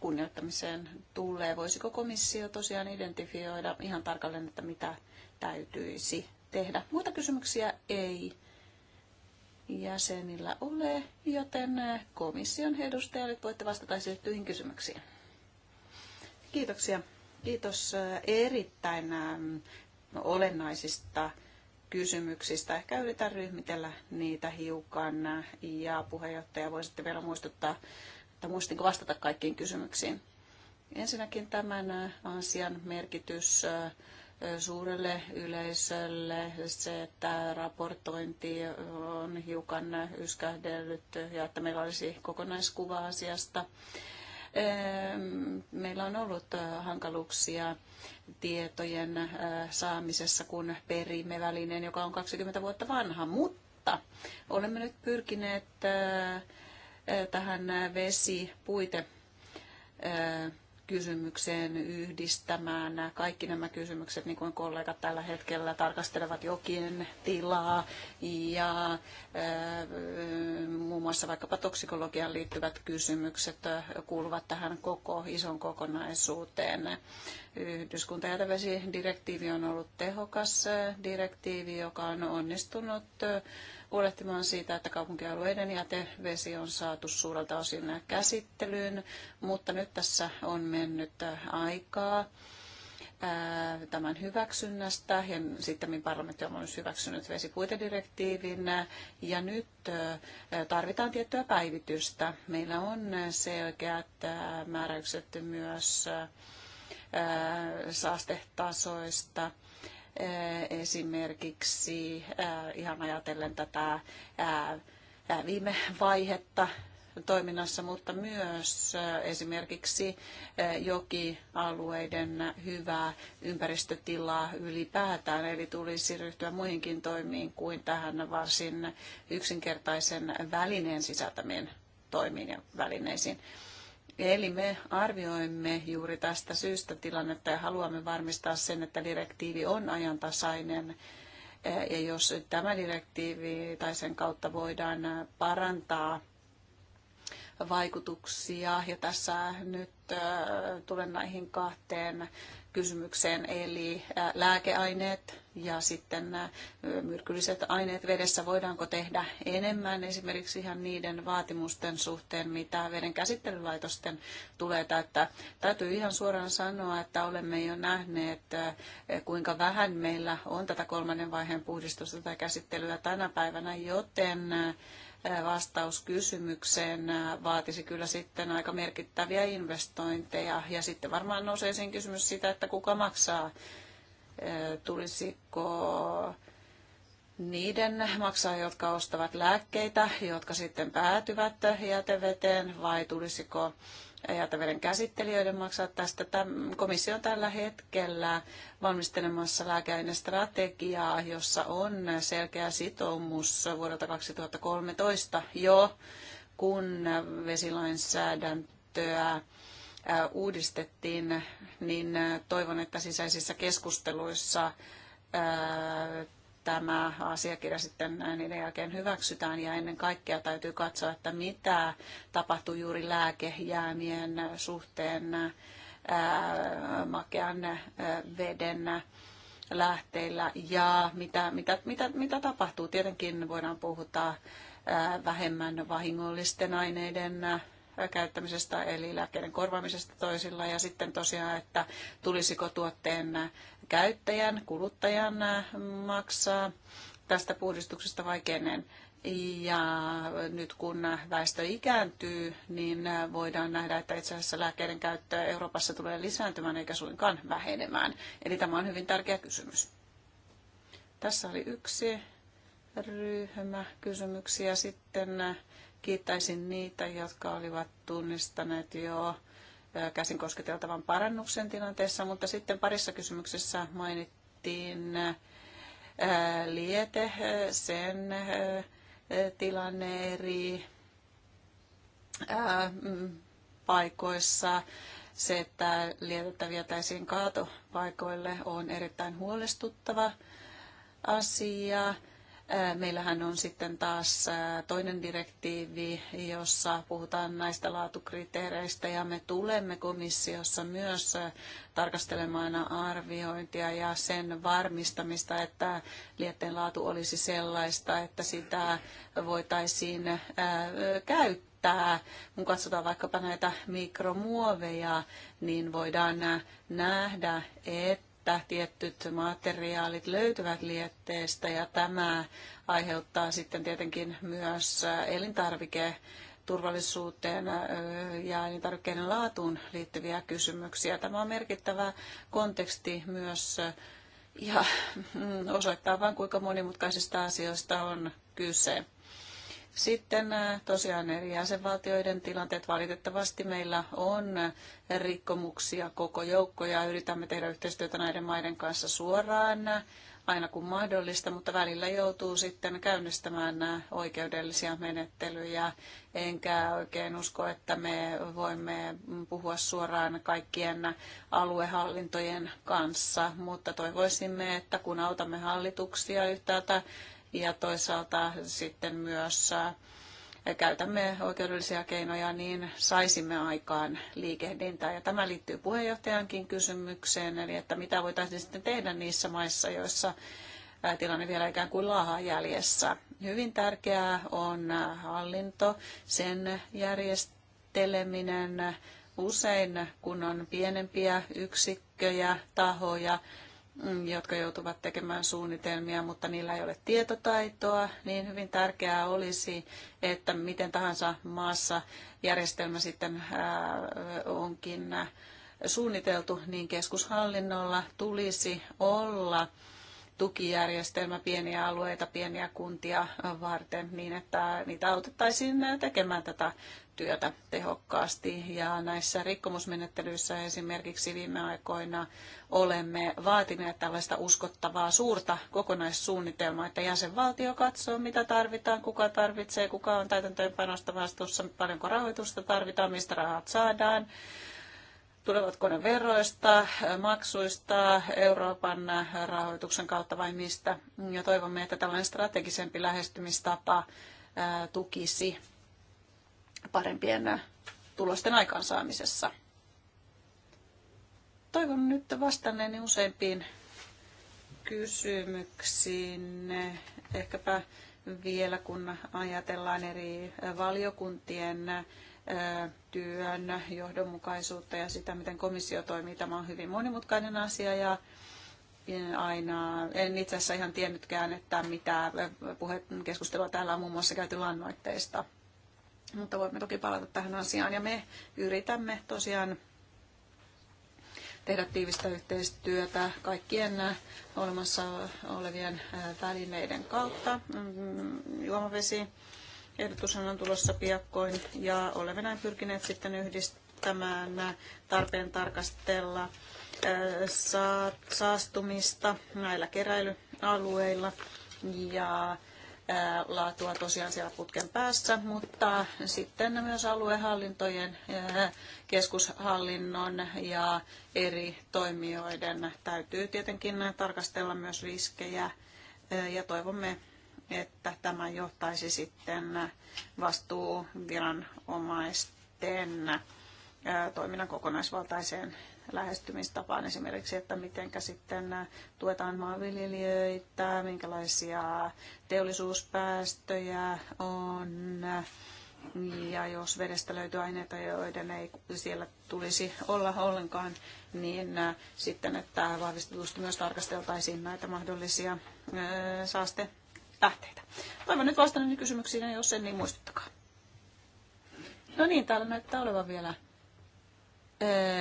kunnioittamiseen tulee. Voisiko komissio tosiaan identifioida ihan tarkalleen, että mitä täytyisi tehdä? Muita kysymyksiä ei jäsenillä ole, joten komission edustajat voitte vastata esitettyihin kysymyksiin. Kiitoksia. Kiitos erittäin olennaisista kysymyksistä. Ehkä yritän ryhmitellä niitä hiukan ja puheenjohtaja voi sitten vielä muistuttaa, että muistinko vastata kaikkiin kysymyksiin. Ensinnäkin tämän asian merkitys suurelle yleisölle se, että raportointi on hiukan yskähdellyt ja että meillä olisi kokonaiskuva asiasta. Ehm, meillä on ollut äh, hankaluuksia tietojen äh, saamisessa, kun perimme välineen, joka on 20 vuotta vanha, mutta olemme nyt pyrkineet äh, tähän vesipuite kysymykseen yhdistämään kaikki nämä kysymykset, niin kuin kollegat tällä hetkellä tarkastelevat jokien tilaa ja muun muassa vaikkapa toksikologian liittyvät kysymykset kuuluvat tähän koko ison kokonaisuuteen. direktiivi on ollut tehokas direktiivi, joka on onnistunut huolehtimaan siitä, että kaupunkialueiden jätevesi on saatu suurelta osin käsittelyyn, mutta nyt tässä on mennyt aikaa tämän hyväksynnästä ja sitten parlamentti on myös hyväksynyt vesipuitedirektiivin ja nyt tarvitaan tiettyä päivitystä. Meillä on selkeät määräykset myös saastetasoista Eh, esimerkiksi eh, ihan ajatellen tätä eh, viime vaihetta toiminnassa, mutta myös esimerkiksi jokialueiden hyvää ympäristötilaa ylipäätään. Eli tulisi ryhtyä muihinkin toimiin kuin tähän varsin yksinkertaisen välineen sisältämiin toimiin ja välineisiin. Eli me arvioimme juuri tästä syystä tilannetta ja haluamme varmistaa sen, että direktiivi on ajantasainen. Eh, ja jos tämä direktiivi tai sen kautta voidaan eh, parantaa vaikutuksia, ja tässä nyt eh, tulen näihin kahteen kysymykseen, eli lääkeaineet ja sitten nämä myrkylliset aineet vedessä, voidaanko tehdä enemmän esimerkiksi ihan niiden vaatimusten suhteen, mitä veden käsittelylaitosten tulee täyttää. Täytyy ihan suoraan sanoa, että olemme jo nähneet, kuinka vähän meillä on tätä kolmannen vaiheen puhdistusta tai käsittelyä tänä päivänä, joten vastaus kysymykseen vaatisi kyllä sitten aika merkittäviä investointeja. Ja sitten varmaan nousee sen kysymys sitä, että kuka maksaa. Tulisiko niiden maksaa, jotka ostavat lääkkeitä, jotka sitten päätyvät jäteveteen, vai tulisiko jäätäveden käsittelijöiden maksaa tästä. Tämä komissio on tällä hetkellä valmistelemassa lääkeainestrategiaa, jossa on selkeä sitoumus vuodelta 2013 jo, kun vesilainsäädäntöä uudistettiin, niin toivon, että sisäisissä keskusteluissa tämä asiakirja sitten niiden jälkeen hyväksytään ja ennen kaikkea täytyy katsoa, että mitä tapahtuu juuri lääkejäämien suhteen makean veden lähteillä ja mitä, mitä, mitä, mitä tapahtuu. Tietenkin voidaan puhuta vähemmän vahingollisten aineiden käyttämisestä eli lääkkeiden korvaamisesta toisilla ja sitten tosiaan, että tulisiko tuotteen käyttäjän, kuluttajan äh, maksaa tästä puhdistuksesta kenen. Ja nyt kun väestö ikääntyy, niin äh, voidaan nähdä, että itse asiassa lääkkeiden käyttö Euroopassa tulee lisääntymään eikä suinkaan vähenemään. Eli tämä on hyvin tärkeä kysymys. Tässä oli yksi ryhmä kysymyksiä. Sitten äh, kiittäisin niitä, jotka olivat tunnistaneet jo käsin kosketeltavan parannuksen tilanteessa, mutta sitten parissa kysymyksessä mainittiin liete, sen tilanne eri mm, paikoissa. Se, että lietettä vietäisiin kaatopaikoille, on erittäin huolestuttava asia. Meillähän on sitten taas toinen direktiivi, jossa puhutaan näistä laatukriteereistä ja me tulemme komissiossa myös tarkastelemaan arviointia ja sen varmistamista, että lietteen laatu olisi sellaista, että sitä voitaisiin käyttää. Kun katsotaan vaikkapa näitä mikromuoveja, niin voidaan nähdä, että että tiettyt materiaalit löytyvät lietteestä ja tämä aiheuttaa sitten tietenkin myös elintarvike turvallisuuteen ja elintarvikkeiden laatuun liittyviä kysymyksiä. Tämä on merkittävä konteksti myös ja mm, osoittaa vain kuinka monimutkaisista asioista on kyse. Sitten äh, tosiaan eri jäsenvaltioiden tilanteet valitettavasti meillä on äh, rikkomuksia koko joukkoja. Yritämme tehdä yhteistyötä näiden maiden kanssa suoraan äh, aina kun mahdollista, mutta välillä joutuu sitten käynnistämään nämä oikeudellisia menettelyjä. Enkä oikein usko, että me voimme puhua suoraan kaikkien aluehallintojen kanssa, mutta toivoisimme, että kun autamme hallituksia yhtäältä ja toisaalta sitten myös äh, käytämme oikeudellisia keinoja, niin saisimme aikaan liikehdintää. Ja tämä liittyy puheenjohtajankin kysymykseen, eli että mitä voitaisiin sitten tehdä niissä maissa, joissa äh, tilanne vielä ikään kuin laahaa jäljessä. Hyvin tärkeää on äh, hallinto, sen järjesteleminen usein, kun on pienempiä yksikköjä, tahoja, Mm, jotka joutuvat tekemään suunnitelmia, mutta niillä ei ole tietotaitoa, niin hyvin tärkeää olisi, että miten tahansa maassa järjestelmä sitten onkin suunniteltu, niin keskushallinnolla tulisi olla tukijärjestelmä pieniä alueita, pieniä kuntia varten niin, että niitä autettaisiin tekemään tätä työtä tehokkaasti. Ja näissä rikkomusmenettelyissä esimerkiksi viime aikoina olemme vaatineet tällaista uskottavaa suurta kokonaissuunnitelmaa, että jäsenvaltio katsoo, mitä tarvitaan, kuka tarvitsee, kuka on täytäntöönpanosta vastuussa, paljonko rahoitusta tarvitaan, mistä rahat saadaan tulevatko ne veroista, maksuista, Euroopan rahoituksen kautta vai mistä. Ja toivomme, että tällainen strategisempi lähestymistapa tukisi parempien äh, tulosten aikaansaamisessa. Toivon nyt vastanneeni useimpiin kysymyksiin. Ehkäpä vielä kun ajatellaan eri äh, valiokuntien äh, työn johdonmukaisuutta ja sitä, miten komissio toimii. Tämä on hyvin monimutkainen asia ja aina, en itse asiassa ihan tiennytkään, että mitä keskustelua täällä on muun muassa käyty lannoitteista. Mutta voimme toki palata tähän asiaan ja me yritämme tosiaan tehdä tiivistä yhteistyötä kaikkien olemassa olevien välineiden kautta. Mm, juomavesi ehdotus on tulossa piakkoin ja olemme näin pyrkineet sitten yhdistämään tarpeen tarkastella saastumista näillä keräilyalueilla ja laatua tosiaan siellä putken päässä, mutta sitten myös aluehallintojen, keskushallinnon ja eri toimijoiden täytyy tietenkin tarkastella myös riskejä ja toivomme, että tämä johtaisi sitten vastuuviranomaisten toiminnan kokonaisvaltaiseen lähestymistapaan esimerkiksi, että miten sitten äh, tuetaan maanviljelijöitä, minkälaisia teollisuuspäästöjä on, äh, ja jos vedestä löytyy aineita, joiden ei siellä tulisi olla ollenkaan, niin äh, sitten, että vahvistetusti myös tarkasteltaisiin näitä mahdollisia saastelähteitä. Toivon nyt vastannut kysymyksiin, jos en, niin muistuttakaa. No niin, täällä näyttää olevan vielä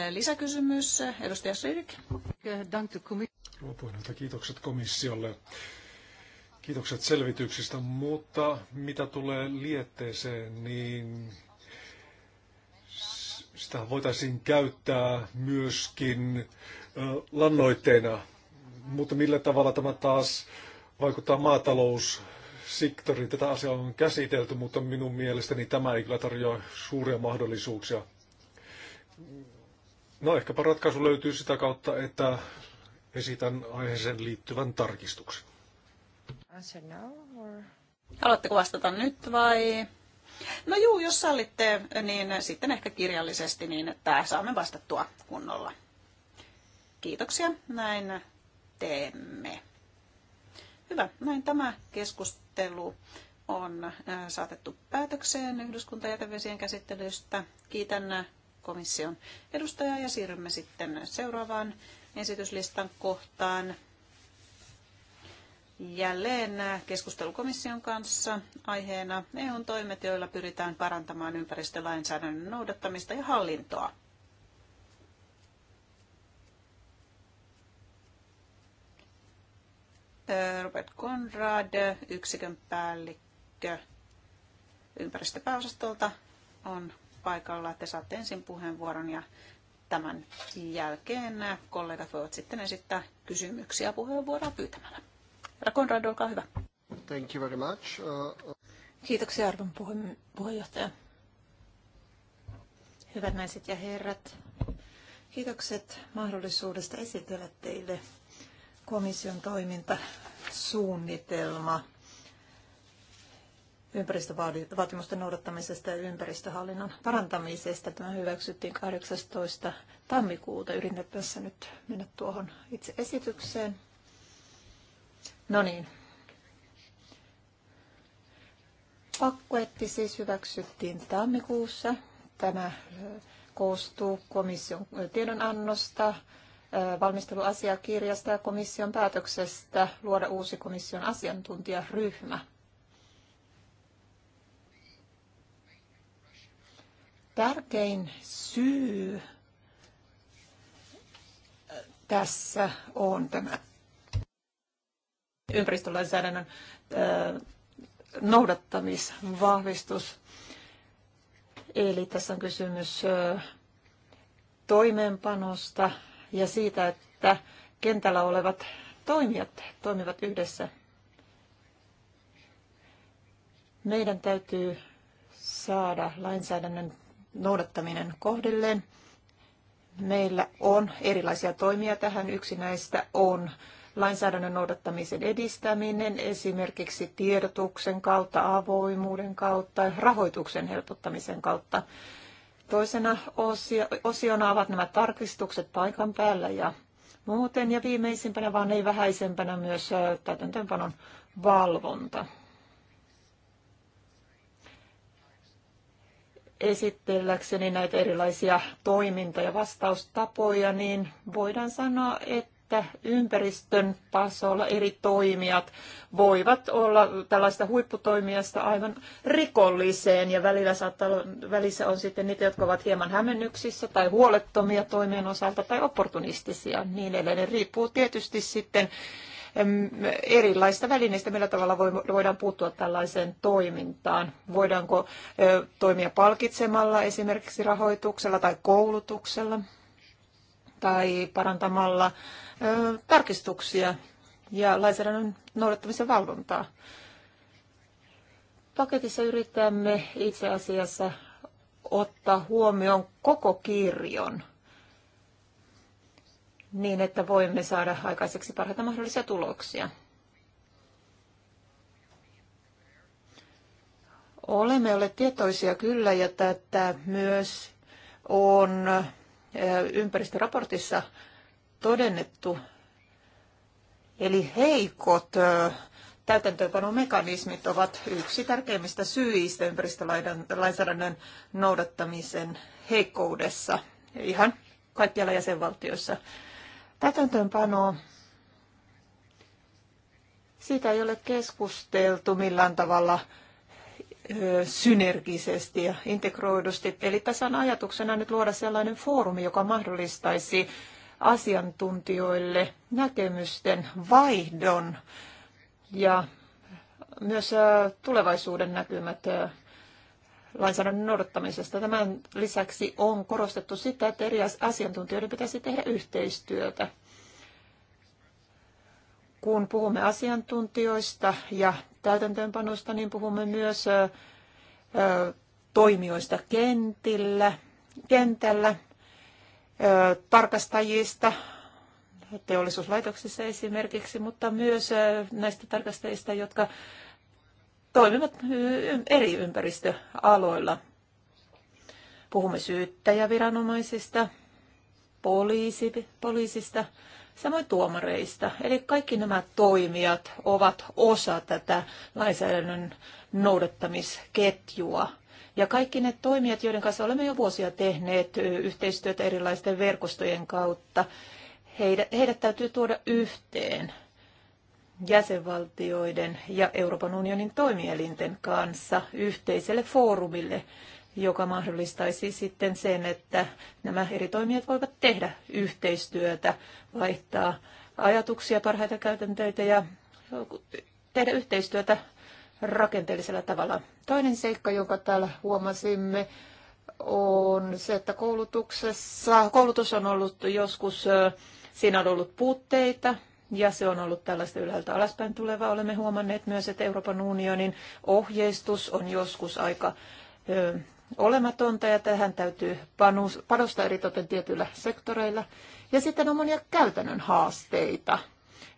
Lisäkysymys, edustaja Sirk. Puheenjohtaja, kiitokset komissiolle. Kiitokset selvityksistä, mutta mitä tulee lietteeseen, niin sitä voitaisiin käyttää myöskin lannoitteena, mutta millä tavalla tämä taas vaikuttaa maataloussektoriin? Tätä asiaa on käsitelty, mutta minun mielestäni tämä ei kyllä tarjoa suuria mahdollisuuksia. No ehkäpä ratkaisu löytyy sitä kautta, että esitän aiheeseen liittyvän tarkistuksen. Haluatteko vastata nyt vai? No juu, jos sallitte, niin sitten ehkä kirjallisesti, niin että saamme vastattua kunnolla. Kiitoksia, näin teemme. Hyvä, näin tämä keskustelu on äh, saatettu päätökseen yhdyskuntajätevesien käsittelystä. Kiitän äh, komission Edustaja ja siirrymme sitten seuraavaan esityslistan kohtaan. Jälleen keskustelukomission kanssa aiheena EUn toimet, joilla pyritään parantamaan ympäristölainsäädännön noudattamista ja hallintoa. Robert Conrad, yksikön päällikkö ympäristöpääosastolta, on paikalla. Te saatte ensin puheenvuoron ja tämän jälkeen kollegat voivat sitten esittää kysymyksiä puheenvuoroa pyytämällä. Herra Konrad, olkaa hyvä. Thank you very much. Uh, uh Kiitoksia arvon puhe- puheenjohtaja. Hyvät naiset ja herrat, kiitokset mahdollisuudesta esitellä teille komission toimintasuunnitelma ympäristövaatimusten noudattamisesta ja ympäristöhallinnon parantamisesta. Tämä hyväksyttiin 18. tammikuuta. Yritän tässä nyt mennä tuohon itse esitykseen. No niin. Pakkoetti siis hyväksyttiin tammikuussa. Tämä koostuu komission tiedonannosta, valmisteluasiakirjasta ja komission päätöksestä luoda uusi komission asiantuntijaryhmä – Tärkein syy äh, tässä on tämä ympäristölainsäädännön äh, noudattamisvahvistus. Eli tässä on kysymys äh, toimeenpanosta ja siitä, että kentällä olevat toimijat toimivat yhdessä. Meidän täytyy saada lainsäädännön noudattaminen kohdilleen. Meillä on erilaisia toimia tähän. Yksi näistä on lainsäädännön noudattamisen edistäminen, esimerkiksi tiedotuksen kautta, avoimuuden kautta, rahoituksen helpottamisen kautta. Toisena osio, osiona ovat nämä tarkistukset paikan päällä ja muuten, ja viimeisimpänä, vaan ei vähäisempänä myös täytäntöönpanon valvonta. esitelläkseni näitä erilaisia toiminta- ja vastaustapoja, niin voidaan sanoa, että ympäristön tasolla eri toimijat voivat olla tällaista huipputoimijasta aivan rikolliseen ja välillä saattaa olla, välissä on sitten niitä, jotka ovat hieman hämmennyksissä tai huolettomia toimien osalta tai opportunistisia niin edelleen. Riippuu tietysti sitten erilaisista välineistä, millä tavalla voidaan puuttua tällaiseen toimintaan. Voidaanko toimia palkitsemalla esimerkiksi rahoituksella tai koulutuksella tai parantamalla tarkistuksia ja lainsäädännön noudattamisen valvontaa. Paketissa yritämme itse asiassa ottaa huomioon koko kirjon niin, että voimme saada aikaiseksi parhaita mahdollisia tuloksia. Olemme olleet tietoisia kyllä, ja tätä myös on ympäristöraportissa todennettu. Eli heikot täytäntöönpanomekanismit ovat yksi tärkeimmistä syistä ympäristölainsäädännön noudattamisen heikkoudessa ihan kaikkialla jäsenvaltioissa. Täytäntöönpanoa siitä ei ole keskusteltu millään tavalla synergisesti ja integroidusti. Eli tässä on ajatuksena nyt luoda sellainen foorumi, joka mahdollistaisi asiantuntijoille näkemysten vaihdon ja myös tulevaisuuden näkymät lainsäädännön noudattamisesta. Tämän lisäksi on korostettu sitä, että eri asiantuntijoiden pitäisi tehdä yhteistyötä. Kun puhumme asiantuntijoista ja täytäntöönpanosta, niin puhumme myös toimijoista kentillä, kentällä, tarkastajista, teollisuuslaitoksissa esimerkiksi, mutta myös näistä tarkastajista, jotka toimivat eri ympäristöaloilla. Puhumme syyttäjäviranomaisista, poliisi, poliisista, samoin tuomareista. Eli kaikki nämä toimijat ovat osa tätä lainsäädännön noudattamisketjua. Ja kaikki ne toimijat, joiden kanssa olemme jo vuosia tehneet yhteistyötä erilaisten verkostojen kautta, heidät, heidät täytyy tuoda yhteen jäsenvaltioiden ja Euroopan unionin toimielinten kanssa yhteiselle foorumille, joka mahdollistaisi sitten sen, että nämä eri toimijat voivat tehdä yhteistyötä, vaihtaa ajatuksia, parhaita käytänteitä ja tehdä yhteistyötä rakenteellisella tavalla. Toinen seikka, jonka täällä huomasimme, on se, että koulutuksessa, koulutus on ollut joskus, siinä on ollut puutteita, ja se on ollut tällaista ylhäältä alaspäin tulevaa. Olemme huomanneet myös, että Euroopan unionin ohjeistus on joskus aika ö, olematonta ja tähän täytyy panostaa eritoten tietyillä sektoreilla. Ja sitten on monia käytännön haasteita,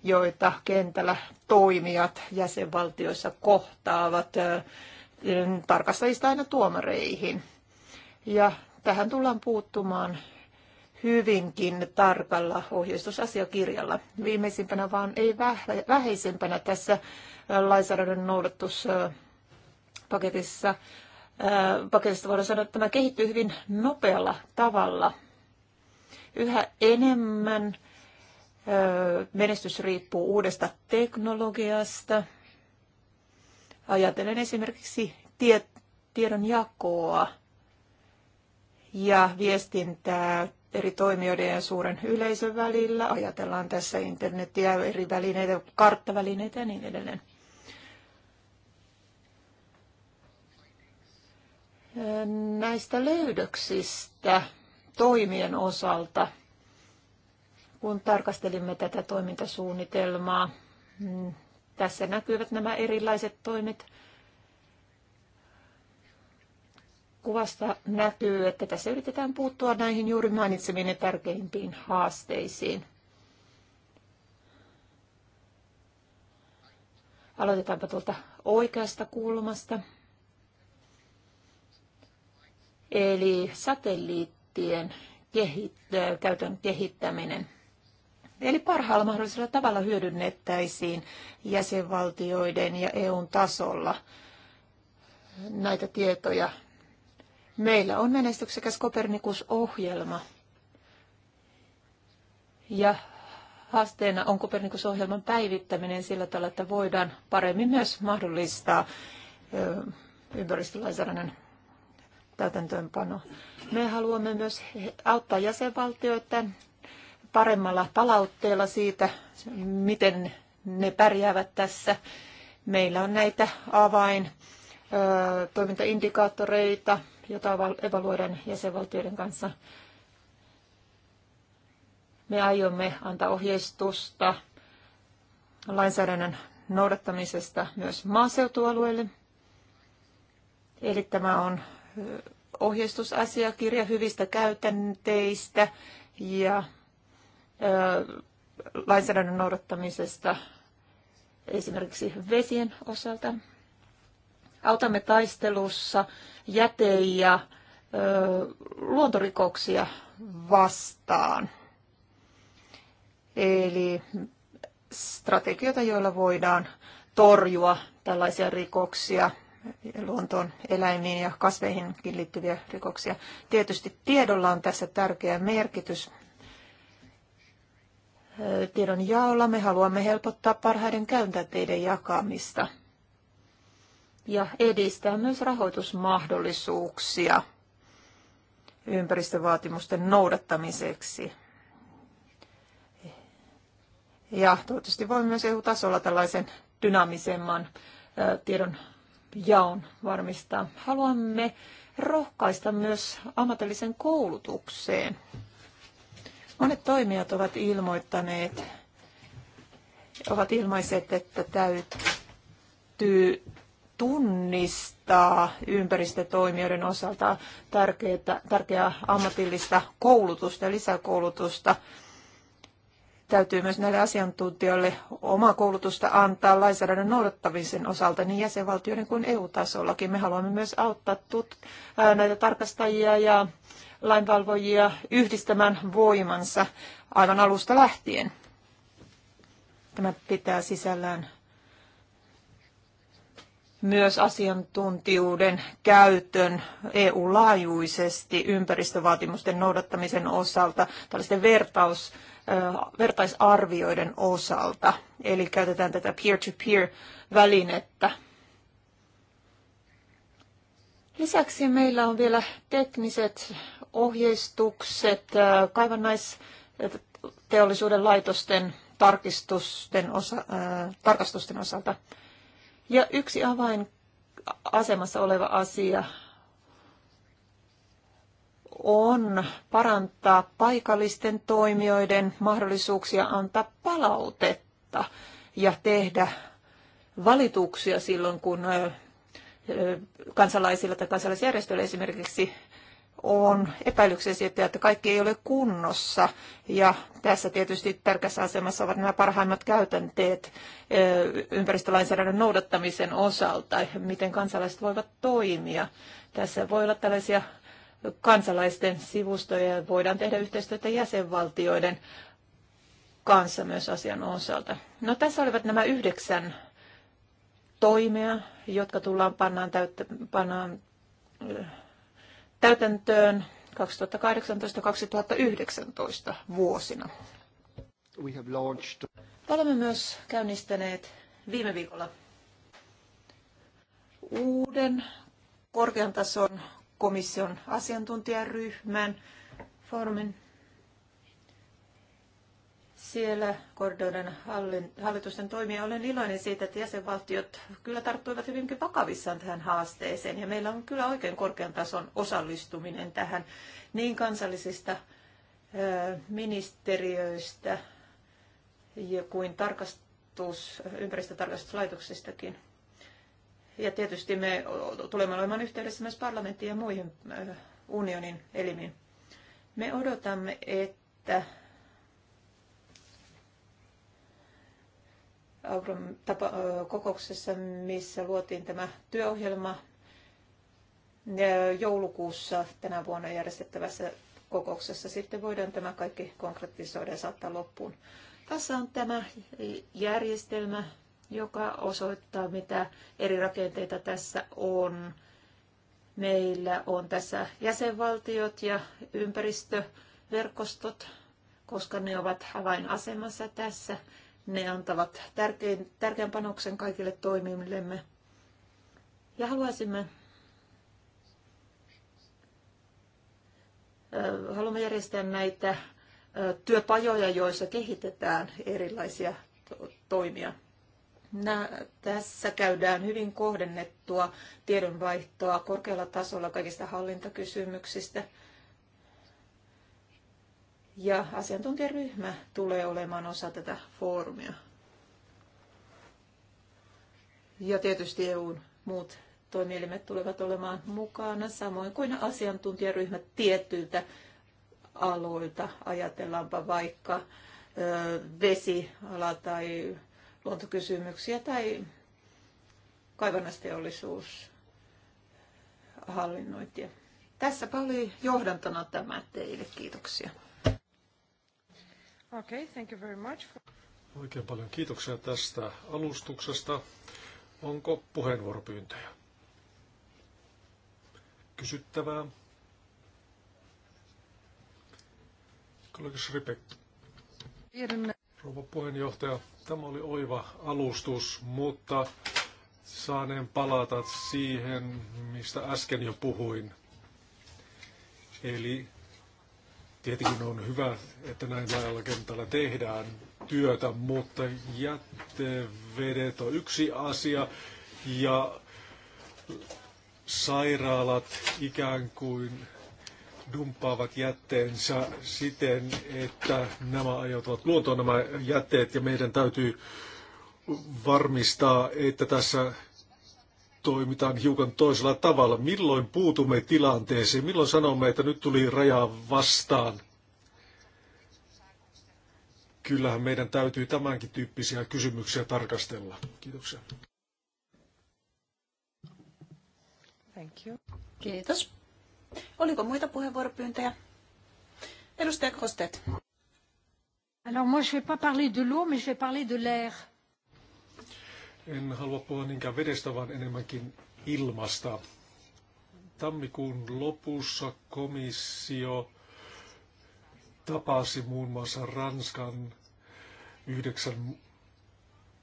joita kentällä toimijat jäsenvaltioissa kohtaavat ö, tarkastajista aina tuomareihin. Ja tähän tullaan puuttumaan hyvinkin tarkalla ohjeistusasiakirjalla. Viimeisimpänä vaan ei vähäisempänä tässä äh, lainsäädännön noudatuspaketissa äh, äh, paketista voidaan sanoa, että tämä kehittyy hyvin nopealla tavalla. Yhä enemmän menestys riippuu uudesta teknologiasta. Ajatellen esimerkiksi tie, tiedon jakoa ja viestintää eri toimijoiden ja suuren yleisön välillä. Ajatellaan tässä internetiä, eri välineitä, karttavälineitä ja niin edelleen. Näistä löydöksistä toimien osalta, kun tarkastelimme tätä toimintasuunnitelmaa, mm, tässä näkyvät nämä erilaiset toimet – kuvasta näkyy, että tässä yritetään puuttua näihin juuri mainitsemiin tärkeimpiin haasteisiin. Aloitetaanpa tuolta oikeasta kulmasta. Eli satelliittien kehit- äh, käytön kehittäminen. Eli parhaalla mahdollisella tavalla hyödynnettäisiin jäsenvaltioiden ja EUn tasolla näitä tietoja Meillä on menestyksekäs Kopernikus-ohjelma. Ja haasteena on Kopernikus-ohjelman päivittäminen sillä tavalla, että voidaan paremmin myös mahdollistaa ympäristölainsäädännön täytäntöönpano. Me haluamme myös auttaa jäsenvaltioita paremmalla palautteella siitä, miten ne pärjäävät tässä. Meillä on näitä avain toimintaindikaattoreita, jota evaluoidaan jäsenvaltioiden kanssa. Me aiomme antaa ohjeistusta lainsäädännön noudattamisesta myös maaseutualueille. Eli tämä on ohjeistusasiakirja hyvistä käytänteistä ja lainsäädännön noudattamisesta esimerkiksi vesien osalta. Autamme taistelussa jäte- ja ö, luontorikoksia vastaan. Eli strategioita, joilla voidaan torjua tällaisia rikoksia, luontoon, eläimiin ja kasveihinkin liittyviä rikoksia. Tietysti tiedolla on tässä tärkeä merkitys. Tiedon jaolla me haluamme helpottaa parhaiden käyntäteiden jakamista – ja edistää myös rahoitusmahdollisuuksia ympäristövaatimusten noudattamiseksi. Ja toivottavasti voi myös EU-tasolla tällaisen dynaamisemman tiedon jaon varmistaa. Haluamme rohkaista myös ammatillisen koulutukseen. Monet toimijat ovat ilmoittaneet, ovat ilmaiset, että täytyy tunnistaa ympäristötoimijoiden osalta tärkeää, tärkeää ammatillista koulutusta ja lisäkoulutusta. Täytyy myös näille asiantuntijoille omaa koulutusta antaa lainsäädännön noudattamisen osalta niin jäsenvaltioiden kuin EU-tasollakin. Me haluamme myös auttaa tut- näitä tarkastajia ja lainvalvojia yhdistämään voimansa aivan alusta lähtien. Tämä pitää sisällään myös asiantuntijuuden käytön EU-laajuisesti ympäristövaatimusten noudattamisen osalta, tällaisten vertaus, vertaisarvioiden osalta. Eli käytetään tätä peer-to-peer-välinettä. Lisäksi meillä on vielä tekniset ohjeistukset kaivannaisteollisuuden laitosten tarkistusten osa, äh, tarkastusten osalta. Ja yksi avain asemassa oleva asia on parantaa paikallisten toimijoiden mahdollisuuksia antaa palautetta ja tehdä valituksia silloin, kun kansalaisilla tai kansalaisjärjestöillä esimerkiksi on epäilyksiä siitä, että kaikki ei ole kunnossa. Ja tässä tietysti tärkeässä asemassa ovat nämä parhaimmat käytänteet ympäristölainsäädännön noudattamisen osalta, miten kansalaiset voivat toimia. Tässä voi olla tällaisia kansalaisten sivustoja voidaan tehdä yhteistyötä jäsenvaltioiden kanssa myös asian osalta. No tässä olivat nämä yhdeksän toimea, jotka tullaan pannaan, täyttä, pannaan täytäntöön 2018-2019 vuosina. Olemme myös käynnistäneet viime viikolla uuden korkean tason komission asiantuntijaryhmän foorumin siellä Kordonen hallitusten toimia. Olen iloinen siitä, että jäsenvaltiot kyllä tarttuivat hyvinkin vakavissaan tähän haasteeseen ja meillä on kyllä oikein korkean tason osallistuminen tähän niin kansallisista ministeriöistä kuin tarkastus, ympäristötarkastuslaitoksistakin. Ja tietysti me tulemme olemaan yhteydessä myös parlamenttiin ja muihin unionin elimiin. Me odotamme, että Auron kokouksessa, missä luotiin tämä työohjelma joulukuussa tänä vuonna järjestettävässä kokouksessa. Sitten voidaan tämä kaikki konkretisoida ja saattaa loppuun. Tässä on tämä järjestelmä, joka osoittaa, mitä eri rakenteita tässä on. Meillä on tässä jäsenvaltiot ja ympäristöverkostot, koska ne ovat havainasemassa tässä. Ne antavat tärkein, tärkeän panoksen kaikille toimimillemme. Ja haluaisimme haluamme järjestää näitä työpajoja, joissa kehitetään erilaisia toimia. Nämä, tässä käydään hyvin kohdennettua tiedonvaihtoa korkealla tasolla kaikista hallintakysymyksistä – ja asiantuntijaryhmä tulee olemaan osa tätä foorumia. Ja tietysti EUn muut toimielimet tulevat olemaan mukana, samoin kuin asiantuntijaryhmät tietyiltä aloilta. Ajatellaanpa vaikka vesiala tai luontokysymyksiä tai kaivannasteollisuus hallinnointia. Tässäpä oli johdantona tämä teille. Kiitoksia. Okay, thank you very much. Oikein paljon kiitoksia tästä alustuksesta. Onko puheenvuoropyyntöjä? Kysyttävää? Kollega Ripek. Rouva puheenjohtaja, tämä oli oiva alustus, mutta saaneen palata siihen, mistä äsken jo puhuin. Eli Tietenkin on hyvä, että näin laajalla kentällä tehdään työtä, mutta jätevedet on yksi asia ja sairaalat ikään kuin dumppaavat jätteensä siten, että nämä ajautuvat luontoon nämä jätteet ja meidän täytyy varmistaa, että tässä toimitaan hiukan toisella tavalla. Milloin puutumme tilanteeseen? Milloin sanomme, että nyt tuli raja vastaan? Kyllähän meidän täytyy tämänkin tyyppisiä kysymyksiä tarkastella. Kiitoksia. Thank you. Kiitos. Oliko muita puheenvuoropyyntöjä? Edustaja Kostet. Alors moi je vais pas parler de l'eau, mais je vais parler de l'air en halua puhua niinkään vedestä, vaan enemmänkin ilmasta. Tammikuun lopussa komissio tapasi muun muassa Ranskan yhdeksän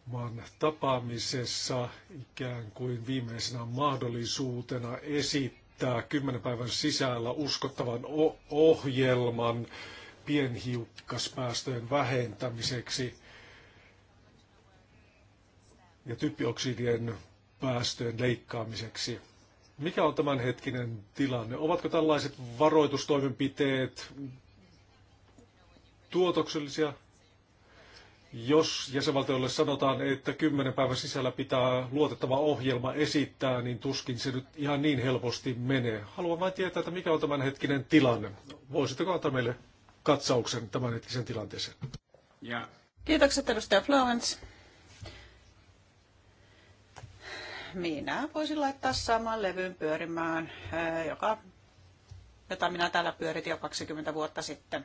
maan tapaamisessa ikään kuin viimeisenä mahdollisuutena esittää kymmenen päivän sisällä uskottavan ohjelman pienhiukkaspäästöjen vähentämiseksi ja typpioksidien päästöjen leikkaamiseksi. Mikä on tämänhetkinen tilanne? Ovatko tällaiset varoitustoimenpiteet tuotoksellisia? Jos jäsenvaltiolle sanotaan, että kymmenen päivän sisällä pitää luotettava ohjelma esittää, niin tuskin se nyt ihan niin helposti menee. Haluan vain tietää, että mikä on tämänhetkinen tilanne. Voisitteko antaa meille katsauksen tämänhetkisen tilanteeseen? Ja. Kiitokset edustaja Florence. minä voisin laittaa saman levyn pyörimään, eh, joka, jota minä täällä pyöritin jo 20 vuotta sitten.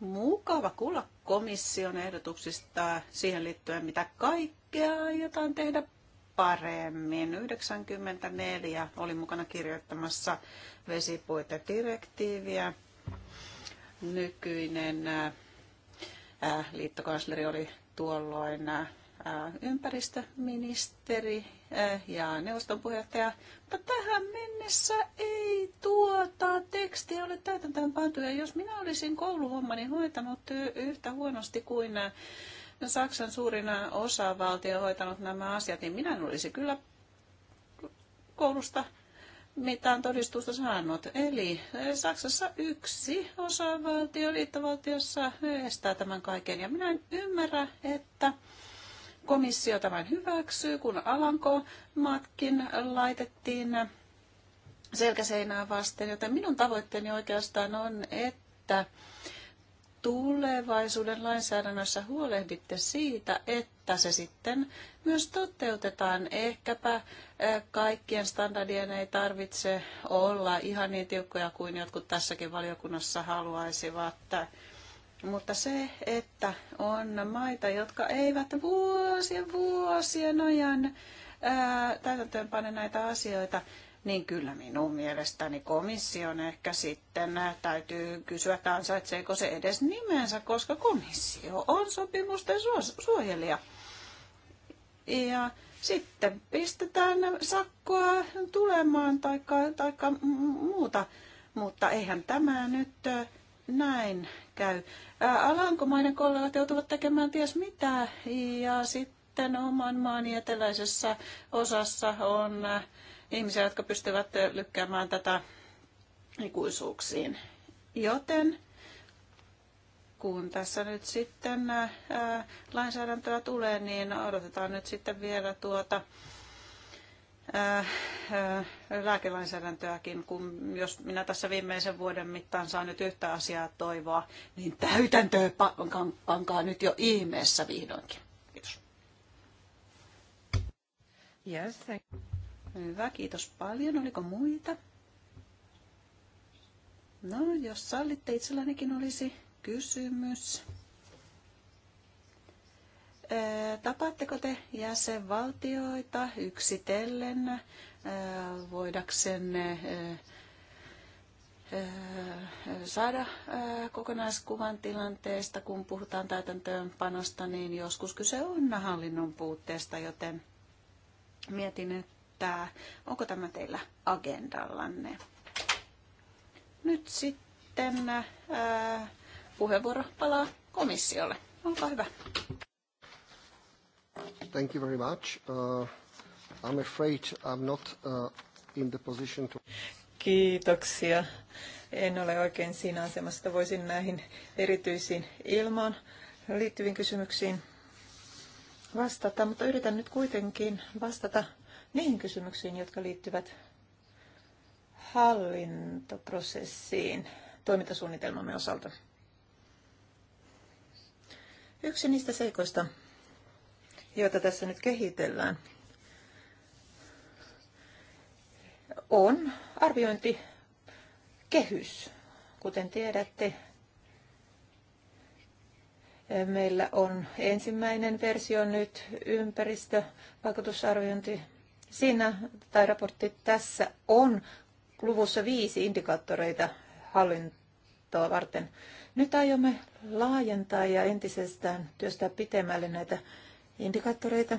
Mukava kuulla komission ehdotuksista siihen liittyen, mitä kaikkea aiotaan tehdä paremmin. 94 oli mukana kirjoittamassa vesipuitedirektiiviä. Nykyinen eh, eh, liittokansleri oli tuolloin ympäristöministeri eh, ja neuvoston puheenjohtaja, mutta tähän mennessä ei tuota tekstiä ole täytäntään pantu. Ja jos minä olisin kouluhommani hoitanut yhtä huonosti kuin eh, Saksan suurin eh, osavaltio hoitanut nämä asiat, niin minä en olisi kyllä koulusta mitään todistusta saanut. Eli Saksassa yksi osavaltio liittovaltiossa estää tämän kaiken. Ja minä en ymmärrä, että Komissio tämän hyväksyy, kun Alanko matkin laitettiin selkäseinää vasten, joten minun tavoitteeni oikeastaan on, että tulevaisuuden lainsäädännössä huolehditte siitä, että se sitten myös toteutetaan. Ehkäpä kaikkien standardien ei tarvitse olla ihan niin tiukkoja kuin jotkut tässäkin valiokunnassa haluaisivat. Mutta se, että on maita, jotka eivät vuosien vuosien ajan täytäntöönpane näitä asioita, niin kyllä minun mielestäni komission ehkä sitten täytyy kysyä, että ansaitseeko se edes nimensä, koska komissio on sopimusten suojelija. Ja sitten pistetään sakkoa tulemaan tai muuta, mutta eihän tämä nyt näin käy. Alankomainen kollegat joutuvat tekemään ties mitä ja sitten oman maan eteläisessä osassa on ihmisiä, jotka pystyvät lykkäämään tätä ikuisuuksiin. Joten kun tässä nyt sitten lainsäädäntöä tulee, niin odotetaan nyt sitten vielä tuota Äh, äh, lääkelainsäädäntöäkin, kun jos minä tässä viimeisen vuoden mittaan saan nyt yhtä asiaa toivoa, niin täytäntöön pankaa nyt jo ihmeessä vihdoinkin. Kiitos. Yes, thank Hyvä, kiitos paljon. Oliko muita? No, jos sallitte, itsellänikin olisi kysymys. Tapaatteko te jäsenvaltioita yksitellen voidaksenne saada kokonaiskuvan tilanteesta, kun puhutaan täytäntöönpanosta, niin joskus kyse on hallinnon puutteesta, joten mietin, että onko tämä teillä agendallanne. Nyt sitten puheenvuoro palaa komissiolle. Olkaa hyvä. Thank you very much. Uh, I'm afraid I'm not uh, in the position to... Kiitoksia. En ole oikein siinä asemassa, voisin näihin erityisiin ilmaan liittyviin kysymyksiin vastata, mutta yritän nyt kuitenkin vastata niihin kysymyksiin, jotka liittyvät hallintoprosessiin toimintasuunnitelmamme osalta. Yksi niistä seikoista, joita tässä nyt kehitellään, on arviointikehys. Kuten tiedätte, meillä on ensimmäinen versio nyt ympäristövaikutusarviointi. Siinä tai raportti tässä on luvussa viisi indikaattoreita hallintoa varten. Nyt aiomme laajentaa ja entisestään työstää pitemmälle näitä indikaattoreita.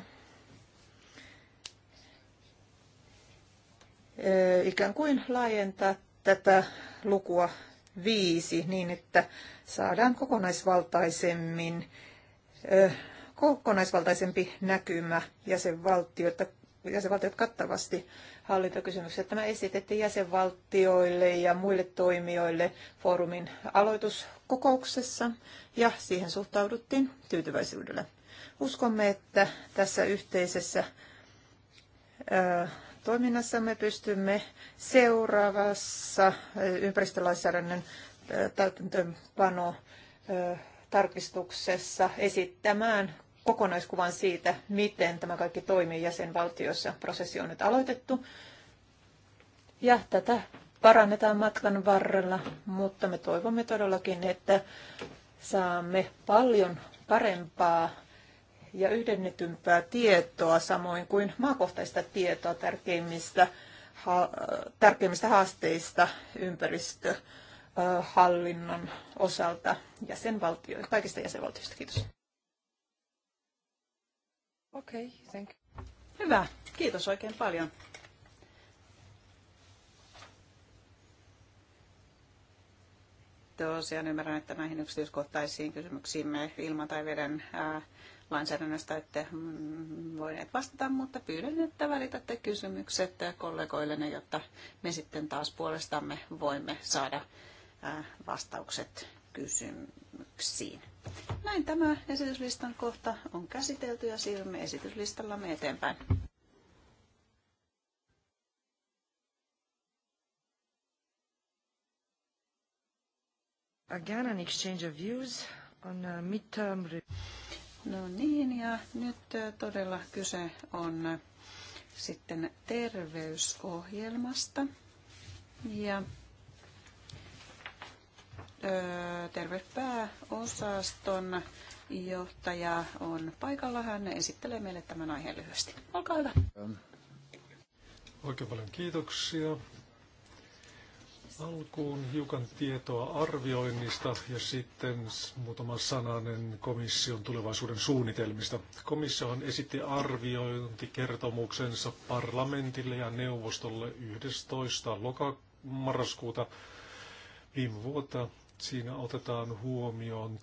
Ikään kuin laajentaa tätä lukua viisi niin, että saadaan kokonaisvaltaisemmin kokonaisvaltaisempi näkymä jäsenvaltioita, jäsenvaltiot kattavasti hallintokysymyksiä. Tämä esitettiin jäsenvaltioille ja muille toimijoille foorumin aloituskokouksessa ja siihen suhtauduttiin tyytyväisyydellä. Uskomme, että tässä yhteisessä toiminnassa me pystymme seuraavassa ympäristölainsäädännön täytäntöönpano tarkistuksessa esittämään kokonaiskuvan siitä, miten tämä kaikki toimii jäsenvaltioissa. Prosessi on nyt aloitettu ja tätä parannetaan matkan varrella, mutta me toivomme todellakin, että saamme paljon parempaa ja yhdennetympää tietoa, samoin kuin maakohtaista tietoa tärkeimmistä, ha, tärkeimmistä haasteista ympäristöhallinnon osalta jäsenvaltioista, kaikista jäsenvaltioista. Kiitos. Okei, okay, thank you. Hyvä, kiitos oikein paljon. tosiaan ymmärrän, että näihin yksityiskohtaisiin kysymyksiin me ilman tai veden lainsäädännöstä ette mm, voineet vastata, mutta pyydän, että välitätte kysymykset kollegoillenne, jotta me sitten taas puolestamme voimme saada äh, vastaukset kysymyksiin. Näin tämä esityslistan kohta on käsitelty ja siirrymme esityslistallamme eteenpäin. Again, an exchange of views on a uh, midterm review. No niin, ja nyt äh, todella kyse on äh, sitten terveysohjelmasta. Ja äh, terveyspääosaston johtaja on paikalla. Hän esittelee meille tämän aiheen lyhyesti. Olkaa hyvä. Oikein paljon kiitoksia Alkuun hiukan tietoa arvioinnista ja sitten muutama sananen komission tulevaisuuden suunnitelmista. Komissiohan esitti arviointikertomuksensa parlamentille ja neuvostolle 11. loka marraskuuta viime vuotta. Siinä otetaan huomioon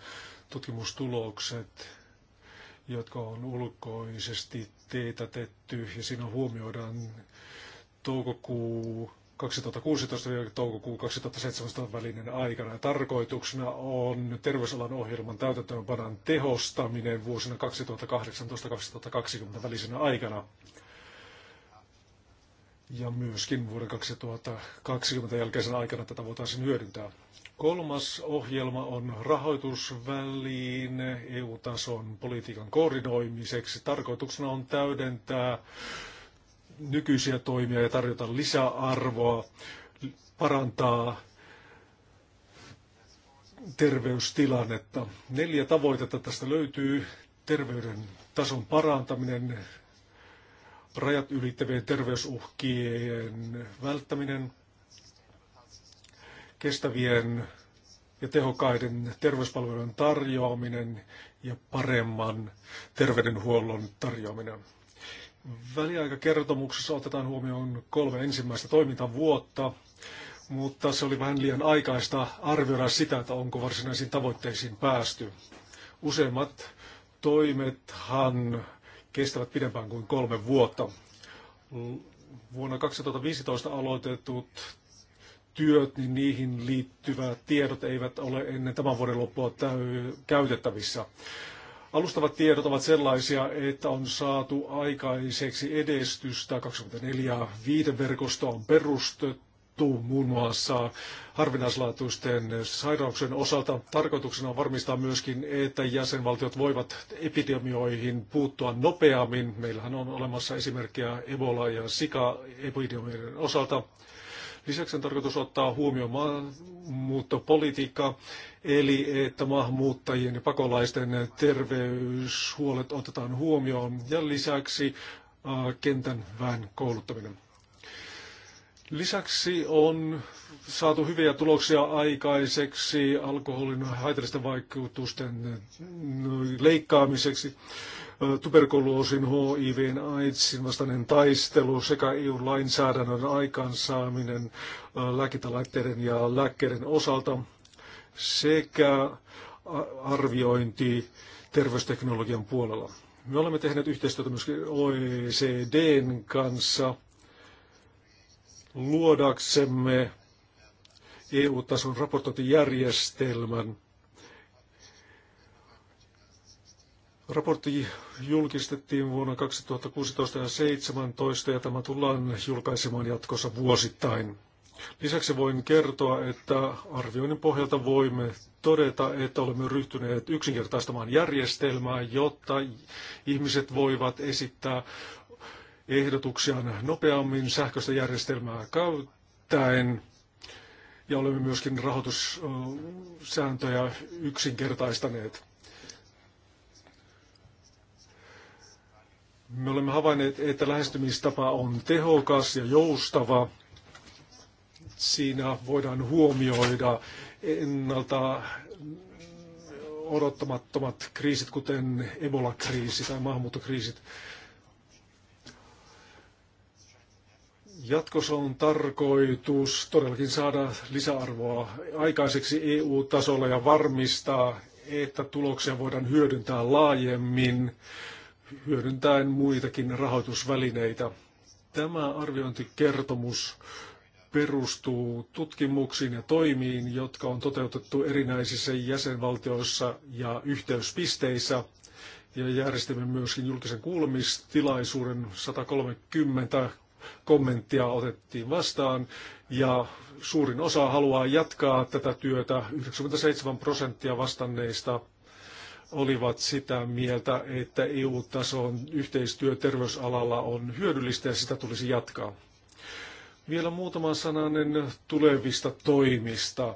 tutkimustulokset, jotka on ulkoisesti teetätetty ja siinä huomioidaan toukokuu 2016 toukokuun 2017 välinen aikana. ja Tarkoituksena on terveysalan ohjelman täytäntöönpanan tehostaminen vuosina 2018-2020 välisenä aikana. Ja myöskin vuoden 2020 jälkeisenä aikana tätä voitaisiin hyödyntää. Kolmas ohjelma on rahoitusväline EU-tason politiikan koordinoimiseksi. Tarkoituksena on täydentää nykyisiä toimia ja tarjota lisäarvoa, parantaa terveystilannetta. Neljä tavoitetta tästä löytyy. Terveyden tason parantaminen, rajat ylittävien terveysuhkien välttäminen, kestävien ja tehokkaiden terveyspalvelujen tarjoaminen ja paremman terveydenhuollon tarjoaminen. Väliaikakertomuksessa otetaan huomioon kolme ensimmäistä toimintavuotta, mutta se oli vähän liian aikaista arvioida sitä, että onko varsinaisiin tavoitteisiin päästy. Useimmat toimethan kestävät pidempään kuin kolme vuotta. Vuonna 2015 aloitetut työt, niin niihin liittyvät tiedot eivät ole ennen tämän vuoden loppua täy- käytettävissä. Alustavat tiedot ovat sellaisia, että on saatu aikaiseksi edestystä. 24 verkosto on perustettu muun muassa harvinaislaatuisten sairauksien osalta. Tarkoituksena on varmistaa myöskin, että jäsenvaltiot voivat epidemioihin puuttua nopeammin. Meillähän on olemassa esimerkkejä Ebola- ja Sika-epidemioiden osalta. Lisäksi on tarkoitus ottaa huomioon maahanmuuttopolitiikka eli että maahanmuuttajien ja pakolaisten terveyshuolet otetaan huomioon ja lisäksi kentän väen kouluttaminen. Lisäksi on saatu hyviä tuloksia aikaiseksi alkoholin haitallisten vaikutusten leikkaamiseksi, tuberkuloosin, HIV, AIDSin vastainen taistelu sekä EU-lainsäädännön aikaansaaminen lääkintälaitteiden ja lääkkeiden osalta sekä arviointi terveysteknologian puolella. Me olemme tehneet yhteistyötä myöskin OECDn kanssa luodaksemme EU-tason raportointijärjestelmän. Raportti julkistettiin vuonna 2016 ja 2017 ja tämä tullaan julkaisemaan jatkossa vuosittain. Lisäksi voin kertoa, että arvioinnin pohjalta voimme todeta, että olemme ryhtyneet yksinkertaistamaan järjestelmää, jotta ihmiset voivat esittää ehdotuksiaan nopeammin sähköistä järjestelmää käyttäen. Ja olemme myöskin rahoitussääntöjä yksinkertaistaneet. Me olemme havainneet, että lähestymistapa on tehokas ja joustava Siinä voidaan huomioida ennalta odottamattomat kriisit, kuten Ebola-kriisi tai maahanmuuttokriisit. Jatkossa on tarkoitus todellakin saada lisäarvoa aikaiseksi EU-tasolla ja varmistaa, että tuloksia voidaan hyödyntää laajemmin, hyödyntäen muitakin rahoitusvälineitä. Tämä arviointikertomus perustuu tutkimuksiin ja toimiin, jotka on toteutettu erinäisissä jäsenvaltioissa ja yhteyspisteissä. Ja järjestimme myöskin julkisen kuulemistilaisuuden 130 kommenttia otettiin vastaan ja suurin osa haluaa jatkaa tätä työtä. 97 prosenttia vastanneista olivat sitä mieltä, että EU-tason yhteistyö terveysalalla on hyödyllistä ja sitä tulisi jatkaa. Vielä muutama sananen tulevista toimista.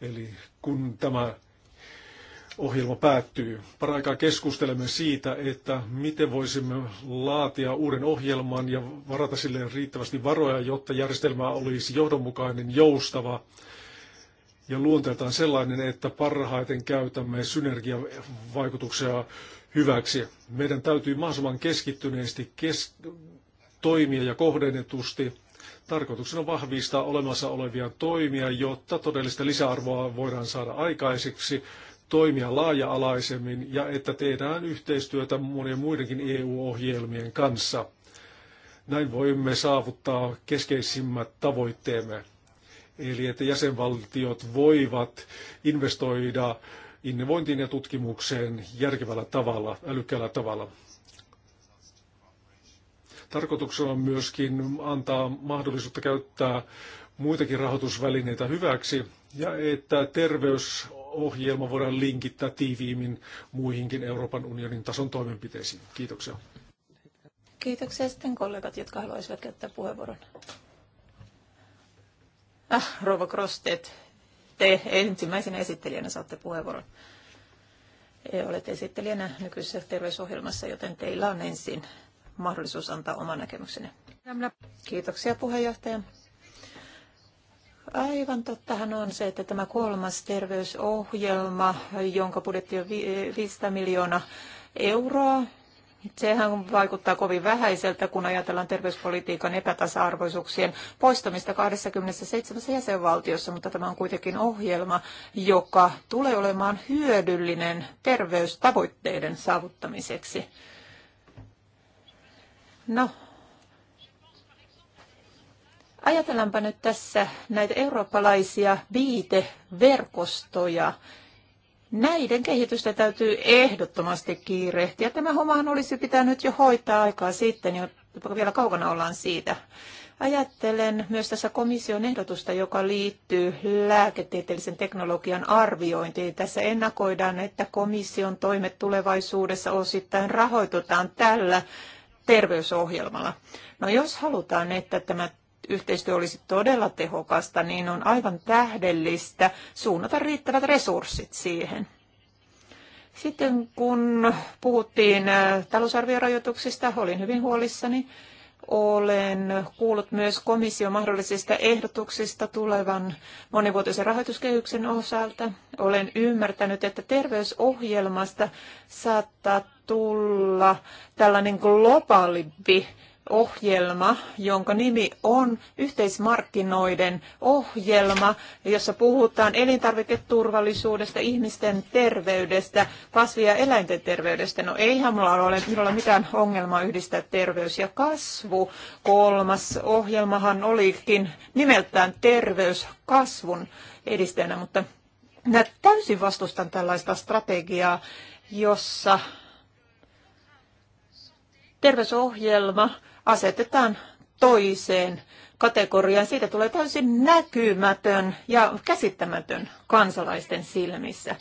Eli kun tämä ohjelma päättyy. Paraikaa keskustelemme siitä, että miten voisimme laatia uuden ohjelman ja varata sille riittävästi varoja, jotta järjestelmä olisi johdonmukainen, joustava ja luonteeltaan sellainen, että parhaiten käytämme synergiavaikutuksia hyväksi. Meidän täytyy mahdollisimman keskittyneesti kes- toimia ja kohdennetusti. Tarkoituksena on vahvistaa olemassa olevia toimia, jotta todellista lisäarvoa voidaan saada aikaiseksi, toimia laaja-alaisemmin ja että tehdään yhteistyötä monien muidenkin EU-ohjelmien kanssa. Näin voimme saavuttaa keskeisimmät tavoitteemme. Eli että jäsenvaltiot voivat investoida innovointiin ja tutkimukseen järkevällä tavalla, älykkäällä tavalla. Tarkoituksena on myöskin antaa mahdollisuutta käyttää muitakin rahoitusvälineitä hyväksi ja että terveysohjelma voidaan linkittää tiiviimmin muihinkin Euroopan unionin tason toimenpiteisiin. Kiitoksia. Kiitoksia sitten kollegat, jotka haluaisivat käyttää puheenvuoron. Ah, Rova Krostet, te ensimmäisenä esittelijänä saatte puheenvuoron. Olet esittelijänä nykyisessä terveysohjelmassa, joten teillä on ensin mahdollisuus antaa oma näkemykseni. Kiitoksia puheenjohtaja. Aivan tottahan on se, että tämä kolmas terveysohjelma, jonka budjetti on 500 miljoonaa euroa, Sehän vaikuttaa kovin vähäiseltä, kun ajatellaan terveyspolitiikan epätasa-arvoisuuksien poistamista 27 jäsenvaltiossa, mutta tämä on kuitenkin ohjelma, joka tulee olemaan hyödyllinen terveystavoitteiden saavuttamiseksi. No, ajatellaanpa nyt tässä näitä eurooppalaisia viiteverkostoja. Näiden kehitystä täytyy ehdottomasti kiirehtiä. Tämä hommahan olisi pitänyt jo hoitaa aikaa sitten, jopa vielä kaukana ollaan siitä. Ajattelen myös tässä komission ehdotusta, joka liittyy lääketieteellisen teknologian arviointiin. Tässä ennakoidaan, että komission toimet tulevaisuudessa osittain rahoitetaan tällä terveysohjelmalla. No jos halutaan, että tämä yhteistyö olisi todella tehokasta, niin on aivan tähdellistä suunnata riittävät resurssit siihen. Sitten kun puhuttiin äh, talousarviorajoituksista, olin hyvin huolissani olen kuullut myös komission mahdollisista ehdotuksista tulevan monivuotisen rahoituskehyksen osalta. Olen ymmärtänyt, että terveysohjelmasta saattaa tulla tällainen globaali ohjelma, jonka nimi on yhteismarkkinoiden ohjelma, jossa puhutaan elintarviketurvallisuudesta, ihmisten terveydestä, kasvi- ja eläinten terveydestä. No eihän mulla ole minulla mitään ongelmaa yhdistää terveys ja kasvu. Kolmas ohjelmahan olikin nimeltään terveyskasvun edistäjänä, mutta minä täysin vastustan tällaista strategiaa, jossa terveysohjelma asetetaan toiseen kategoriaan. Siitä tulee täysin näkymätön ja käsittämätön kansalaisten silmissä.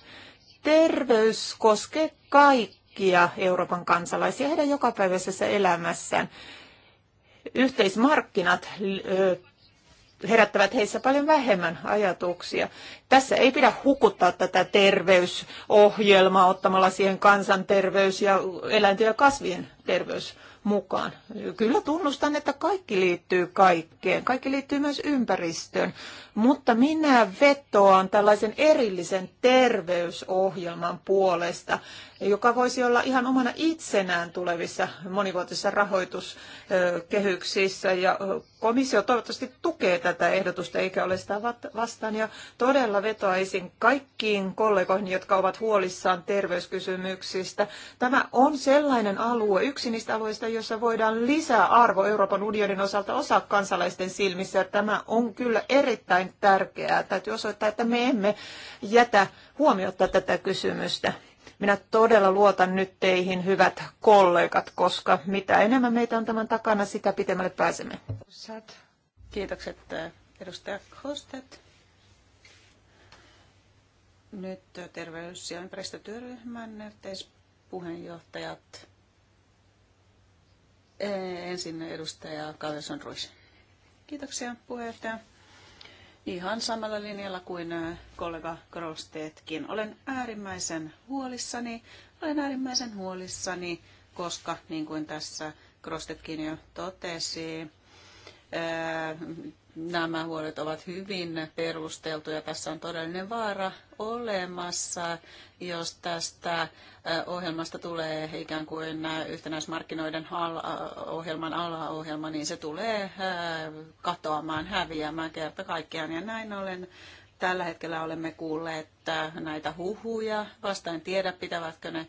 Terveys koskee kaikkia Euroopan kansalaisia heidän jokapäiväisessä elämässään. Yhteismarkkinat herättävät heissä paljon vähemmän ajatuksia. Tässä ei pidä hukuttaa tätä terveysohjelmaa ottamalla siihen kansanterveys ja eläinten ja kasvien terveys mukaan. Kyllä tunnustan, että kaikki liittyy kaikkeen. Kaikki liittyy myös ympäristöön. Mutta minä vetoan tällaisen erillisen terveysohjelman puolesta, joka voisi olla ihan omana itsenään tulevissa monivuotisissa rahoituskehyksissä. Ja komissio toivottavasti tukee tätä ehdotusta eikä ole sitä vastaan. Ja todella vetoaisin kaikkiin kollegoihin, jotka ovat huolissaan terveyskysymyksistä. Tämä on sellainen alue, yksi niistä alueista, jossa voidaan lisää arvo Euroopan unionin osalta osaa kansalaisten silmissä. Tämä on kyllä erittäin tärkeää. Täytyy osoittaa, että me emme jätä huomiota tätä kysymystä. Minä todella luotan nyt teihin, hyvät kollegat, koska mitä enemmän meitä on tämän takana, sitä pitemmälle pääsemme. Kiitokset äh, edustaja Kostet. Nyt äh, terveys- ja ympäristötyöryhmän yhteispuheenjohtajat. Äh, ensin edustaja Kalleson Ruis. Kiitoksia puheenjohtaja ihan samalla linjalla kuin äh, kollega Grosteetkin. Olen äärimmäisen huolissani, olen äärimmäisen huolissani, koska niin kuin tässä Grostetkin jo totesi, äh, nämä huolet ovat hyvin perusteltuja. Tässä on todellinen vaara olemassa, jos tästä ohjelmasta tulee ikään kuin yhtenäismarkkinoiden ohjelman alaohjelma, niin se tulee katoamaan, häviämään kerta kaikkiaan. Ja näin ollen tällä hetkellä olemme kuulleet näitä huhuja. Vasta en tiedä, pitävätkö ne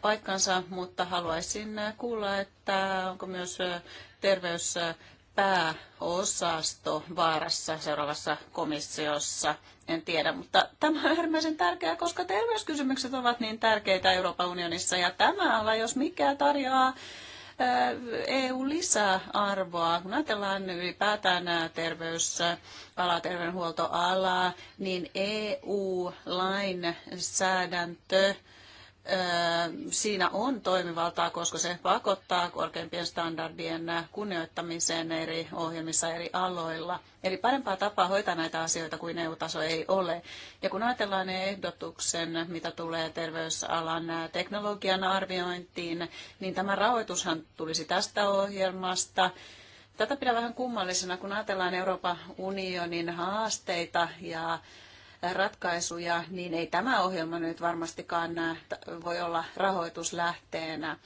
paikkansa, mutta haluaisin kuulla, että onko myös terveys pääosasto vaarassa seuraavassa komissiossa. En tiedä, mutta tämä on äärimmäisen tärkeää, koska terveyskysymykset ovat niin tärkeitä Euroopan unionissa ja tämä ala, jos mikä tarjoaa EU-lisäarvoa. Kun ajatellaan ylipäätään terveysalaa, terveydenhuoltoalaa, niin EU-lainsäädäntö siinä on toimivaltaa, koska se pakottaa korkeimpien standardien kunnioittamiseen eri ohjelmissa eri aloilla. Eli parempaa tapaa hoitaa näitä asioita kuin EU-taso ei ole. Ja kun ajatellaan ne ehdotuksen, mitä tulee terveysalan teknologian arviointiin, niin tämä rahoitushan tulisi tästä ohjelmasta. Tätä pidän vähän kummallisena, kun ajatellaan Euroopan unionin haasteita ja ratkaisuja, niin ei tämä ohjelma nyt varmastikaan nää, voi olla rahoituslähteenä.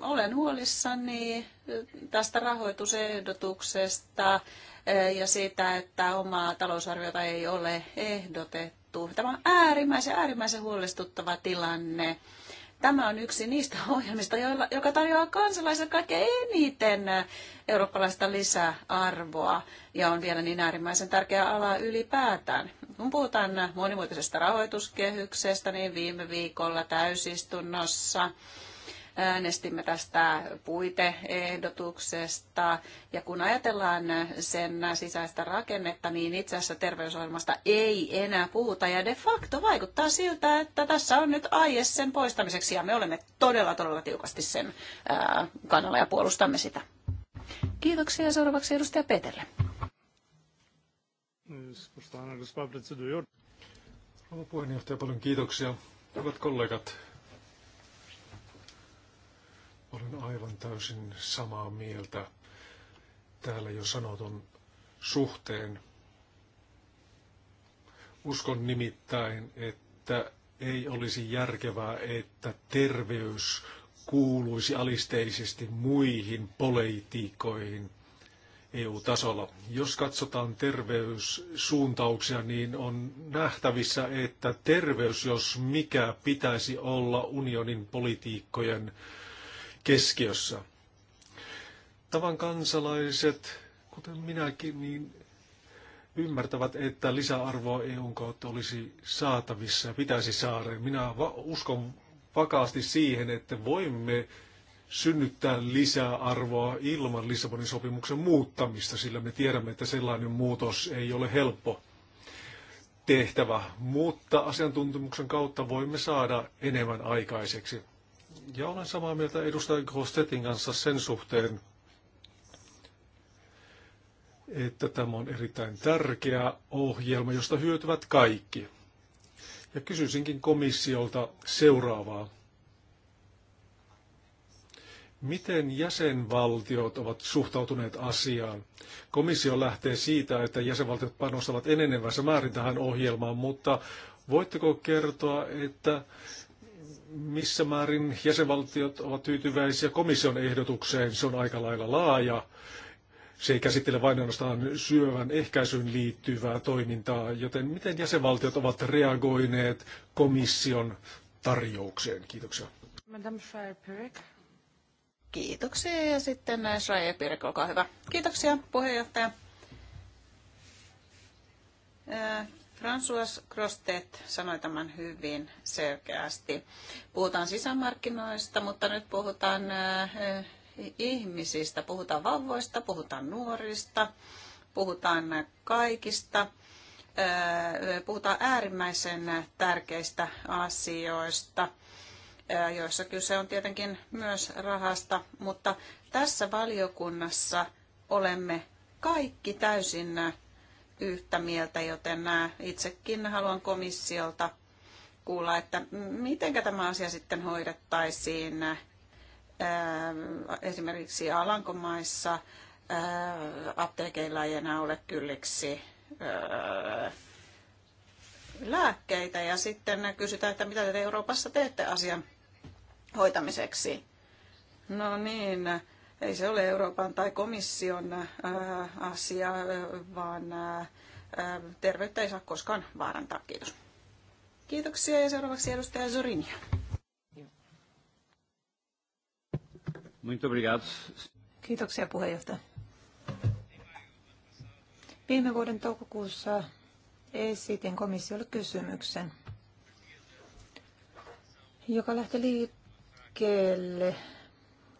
Olen huolissani tästä rahoitusehdotuksesta e, ja siitä, että omaa talousarviota ei ole ehdotettu. Tämä on äärimmäisen, äärimmäisen huolestuttava tilanne. Tämä on yksi niistä ohjelmista, joilla, joka tarjoaa kansalaisille kaikkein eniten eurooppalaista lisäarvoa ja on vielä niin äärimmäisen tärkeä ala ylipäätään. Kun puhutaan monimuotoisesta rahoituskehyksestä, niin viime viikolla täysistunnossa Äänestimme tästä puiteehdotuksesta ja kun ajatellaan sen sisäistä rakennetta, niin itse asiassa terveysohjelmasta ei enää puhuta ja de facto vaikuttaa siltä, että tässä on nyt aie sen poistamiseksi ja me olemme todella todella tiukasti sen kannalla ja puolustamme sitä. Kiitoksia seuraavaksi edustaja Peterle. Spoštovana Rouva puheenjohtaja, paljon kiitoksia. Hyvät kollegat, olen aivan täysin samaa mieltä täällä jo sanotun suhteen. Uskon nimittäin, että ei olisi järkevää, että terveys kuuluisi alisteisesti muihin politiikoihin EU-tasolla. Jos katsotaan terveyssuuntauksia, niin on nähtävissä, että terveys, jos mikä, pitäisi olla unionin politiikkojen keskiössä. Tavan kansalaiset, kuten minäkin, niin ymmärtävät, että lisäarvoa EUn kautta olisi saatavissa ja pitäisi saada. Minä uskon vakaasti siihen, että voimme synnyttää lisäarvoa ilman Lissabonin sopimuksen muuttamista, sillä me tiedämme, että sellainen muutos ei ole helppo tehtävä, mutta asiantuntemuksen kautta voimme saada enemmän aikaiseksi. Ja olen samaa mieltä edustaja Grostetin kanssa sen suhteen, että tämä on erittäin tärkeä ohjelma, josta hyötyvät kaikki. Ja kysyisinkin komissiolta seuraavaa. Miten jäsenvaltiot ovat suhtautuneet asiaan? Komissio lähtee siitä, että jäsenvaltiot panostavat enenevässä määrin tähän ohjelmaan, mutta voitteko kertoa, että missä määrin jäsenvaltiot ovat tyytyväisiä komission ehdotukseen. Se on aika lailla laaja. Se ei käsittele vain ainoastaan syövän ehkäisyyn liittyvää toimintaa, joten miten jäsenvaltiot ovat reagoineet komission tarjoukseen? Kiitoksia. Kiitoksia ja sitten Schreier-Pyrik, olkaa hyvä. Kiitoksia puheenjohtaja. Äh, François Crostet sanoi tämän hyvin selkeästi. Puhutaan sisämarkkinoista, mutta nyt puhutaan eh, ihmisistä, puhutaan vauvoista, puhutaan nuorista, puhutaan kaikista, eh, puhutaan äärimmäisen tärkeistä asioista, eh, joissa kyse on tietenkin myös rahasta, mutta tässä valiokunnassa olemme kaikki täysin yhtä mieltä, joten itsekin haluan komissiolta kuulla, että miten tämä asia sitten hoidettaisiin esimerkiksi Alankomaissa apteekeilla ei enää ole kylliksi lääkkeitä ja sitten kysytään, että mitä te Euroopassa teette asian hoitamiseksi. No niin, ei se ole Euroopan tai komission äh, asia, äh, vaan äh, terveyttä ei saa koskaan vaarantaa. Kiitos. Kiitoksia ja seuraavaksi edustaja Zorinia. Kiitoksia puheenjohtaja. Viime vuoden toukokuussa esitin komissiolle kysymyksen, joka lähti liikkeelle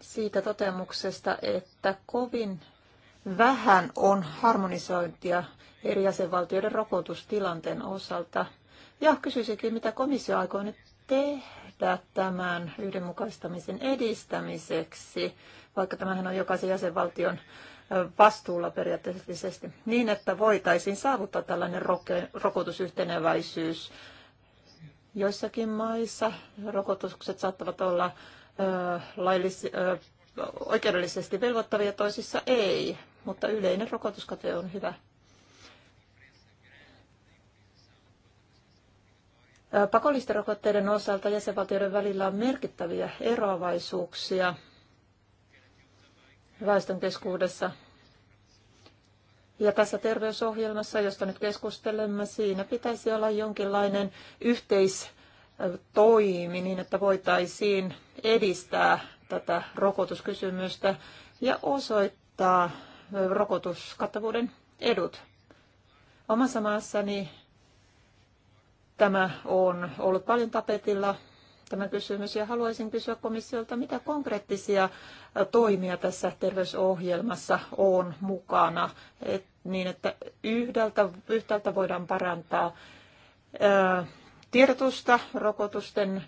siitä toteamuksesta, että kovin vähän on harmonisointia eri jäsenvaltioiden rokotustilanteen osalta. Ja kysyisinkin, mitä komissio aikoo nyt tehdä tämän yhdenmukaistamisen edistämiseksi, vaikka tämähän on jokaisen jäsenvaltion vastuulla periaatteellisesti, niin että voitaisiin saavuttaa tällainen rokotusyhteneväisyys. Joissakin maissa rokotukset saattavat olla oikeudellisesti velvoittavia, toisissa ei, mutta yleinen rokotuskate on hyvä. Pakollisten rokotteiden osalta jäsenvaltioiden välillä on merkittäviä eroavaisuuksia väestön keskuudessa. Ja tässä terveysohjelmassa, josta nyt keskustelemme, siinä pitäisi olla jonkinlainen yhteis toimi niin, että voitaisiin edistää tätä rokotuskysymystä ja osoittaa rokotuskattavuuden edut. Omassa maassani tämä on ollut paljon tapetilla tämä kysymys ja haluaisin kysyä komissiolta, mitä konkreettisia toimia tässä terveysohjelmassa on mukana, et, niin että yhdeltä, yhtäältä voidaan parantaa ää, tiedotusta rokotusten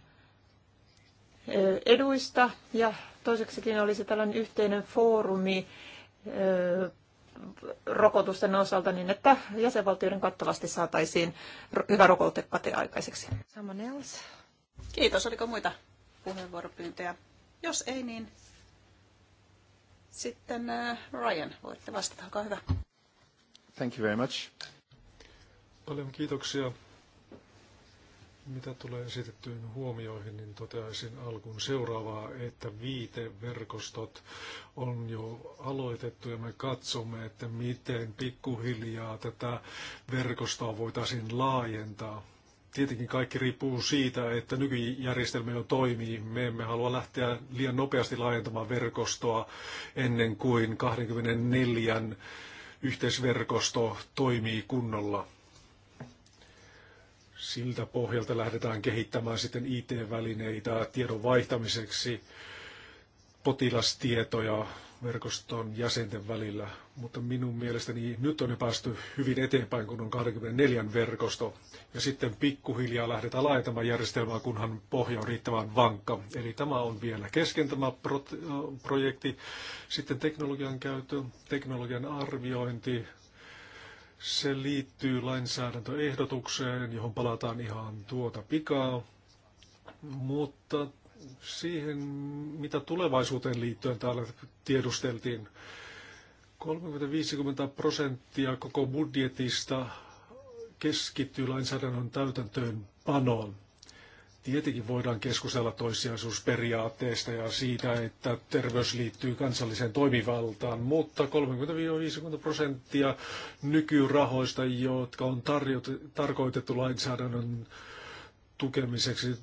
eduista ja toiseksikin olisi tällainen yhteinen foorumi rokotusten osalta niin, että jäsenvaltioiden kattavasti saataisiin hyvä rokotekate aikaiseksi. Kiitos. Oliko muita puheenvuoropyyntöjä? Jos ei, niin sitten Ryan, voitte vastata. Olkaa hyvä. Thank you very much. Paljon kiitoksia mitä tulee esitettyyn huomioihin, niin toteaisin alkuun seuraavaa, että viiteverkostot on jo aloitettu ja me katsomme, että miten pikkuhiljaa tätä verkostoa voitaisiin laajentaa. Tietenkin kaikki riippuu siitä, että nykyjärjestelmä jo toimii. Me emme halua lähteä liian nopeasti laajentamaan verkostoa ennen kuin 24 yhteisverkosto toimii kunnolla siltä pohjalta lähdetään kehittämään sitten IT-välineitä tiedon vaihtamiseksi, potilastietoja verkoston jäsenten välillä. Mutta minun mielestäni nyt on jo päästy hyvin eteenpäin, kun on 24 verkosto. Ja sitten pikkuhiljaa lähdetään laajentamaan järjestelmää, kunhan pohja on riittävän vankka. Eli tämä on vielä kesken tämä projekti. Sitten teknologian käyttö, teknologian arviointi, se liittyy lainsäädäntöehdotukseen, johon palataan ihan tuota pikaa. Mutta siihen, mitä tulevaisuuteen liittyen täällä tiedusteltiin, 30-50 prosenttia koko budjetista keskittyy lainsäädännön täytäntöön panoon. Tietenkin voidaan keskustella toissijaisuusperiaatteesta ja siitä, että terveys liittyy kansalliseen toimivaltaan, mutta 30-50 prosenttia nykyrahoista, jotka on tarkoitettu lainsäädännön tukemiseksi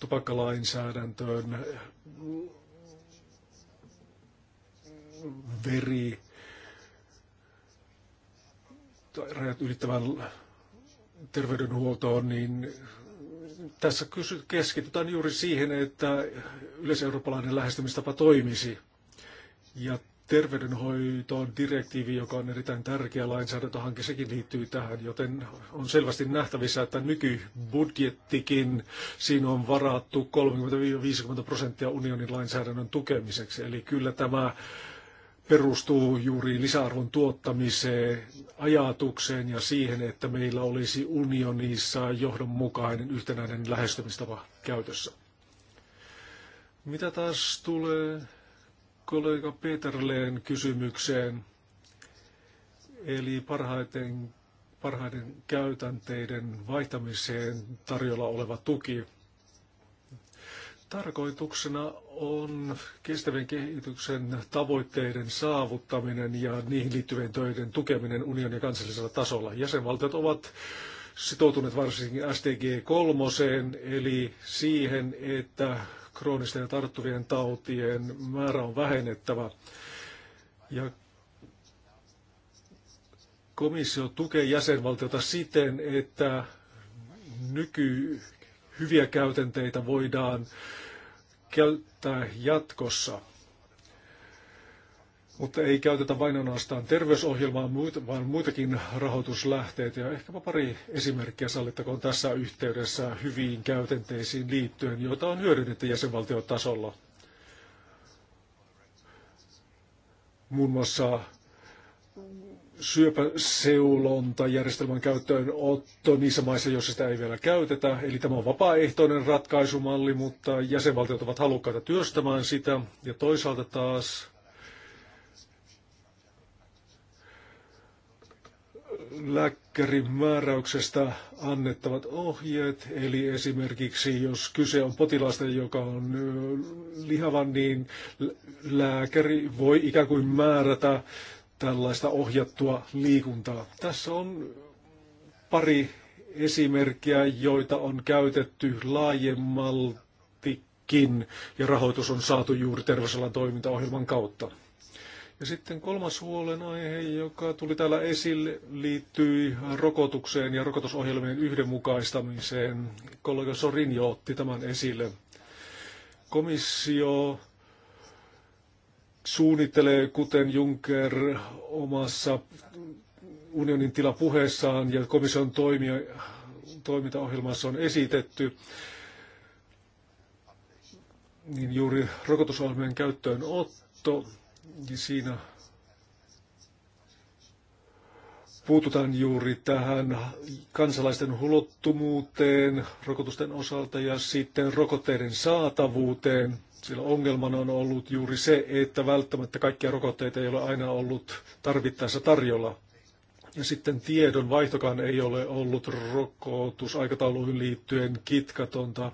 tupakkalainsäädäntöön, veri, tai rajat ylittävän terveydenhuoltoon, niin tässä keskitytään juuri siihen, että yleiseurooppalainen lähestymistapa toimisi. Ja terveydenhoitoon direktiivi, joka on erittäin tärkeä lainsäädäntöhanke, sekin liittyy tähän, joten on selvästi nähtävissä, että nykybudjettikin siinä on varattu 30-50 prosenttia unionin lainsäädännön tukemiseksi. Eli kyllä tämä perustuu juuri lisäarvon tuottamiseen, ajatukseen ja siihen, että meillä olisi unionissa johdonmukainen yhtenäinen lähestymistapa käytössä. Mitä taas tulee kollega Peterleen kysymykseen, eli parhaiten, parhaiden käytänteiden vaihtamiseen tarjolla oleva tuki. Tarkoituksena on kestävän kehityksen tavoitteiden saavuttaminen ja niihin liittyvien töiden tukeminen unionin ja kansallisella tasolla. Jäsenvaltiot ovat sitoutuneet varsinkin SDG 3, eli siihen, että kroonisten ja tarttuvien tautien määrä on vähennettävä. Ja komissio tukee jäsenvaltiota siten, että nyky hyviä käytänteitä voidaan käyttää jatkossa. Mutta ei käytetä vain ainoastaan terveysohjelmaa, vaan muitakin rahoituslähteitä. Ja ehkäpä pari esimerkkiä sallittakoon tässä yhteydessä hyviin käytänteisiin liittyen, joita on hyödynnetty jäsenvaltiotasolla. Muun muassa syöpäseulontajärjestelmän käyttöönotto niissä maissa, joissa sitä ei vielä käytetä. Eli tämä on vapaaehtoinen ratkaisumalli, mutta jäsenvaltiot ovat halukkaita työstämään sitä. Ja toisaalta taas lääkärin annettavat ohjeet, eli esimerkiksi jos kyse on potilaasta, joka on lihava, niin lääkäri voi ikään kuin määrätä tällaista ohjattua liikuntaa. Tässä on pari esimerkkiä, joita on käytetty laajemmaltikin ja rahoitus on saatu juuri terveysalan toimintaohjelman kautta. Ja sitten kolmas huolenaihe, joka tuli täällä esille, liittyi rokotukseen ja rokotusohjelmien yhdenmukaistamiseen. Kollega Sorin jo otti tämän esille. Komissio suunnittelee, kuten Juncker omassa unionin tilapuheessaan ja komission toimintaohjelmassa on esitetty, niin juuri rokotusohjelmien käyttöönotto, niin siinä puututaan juuri tähän kansalaisten hulottumuuteen rokotusten osalta ja sitten rokotteiden saatavuuteen – sillä ongelmana on ollut juuri se, että välttämättä kaikkia rokotteita ei ole aina ollut tarvittaessa tarjolla. Ja sitten tiedon vaihtokaan ei ole ollut rokotusaikatauluihin liittyen kitkatonta.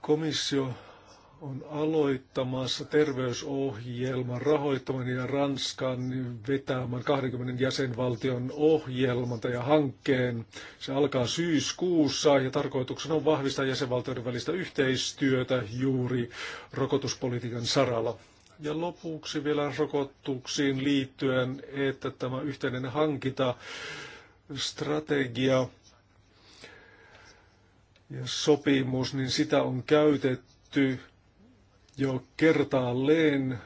Komissio on aloittamassa terveysohjelman rahoittaminen ja Ranskan vetämän 20 jäsenvaltion ohjelman ja hankkeen. Se alkaa syyskuussa ja tarkoituksena on vahvistaa jäsenvaltioiden välistä yhteistyötä juuri rokotuspolitiikan saralla. Ja lopuksi vielä rokotuksiin liittyen, että tämä yhteinen hankinta strategia ja sopimus, niin sitä on käytetty jo kertaalleen,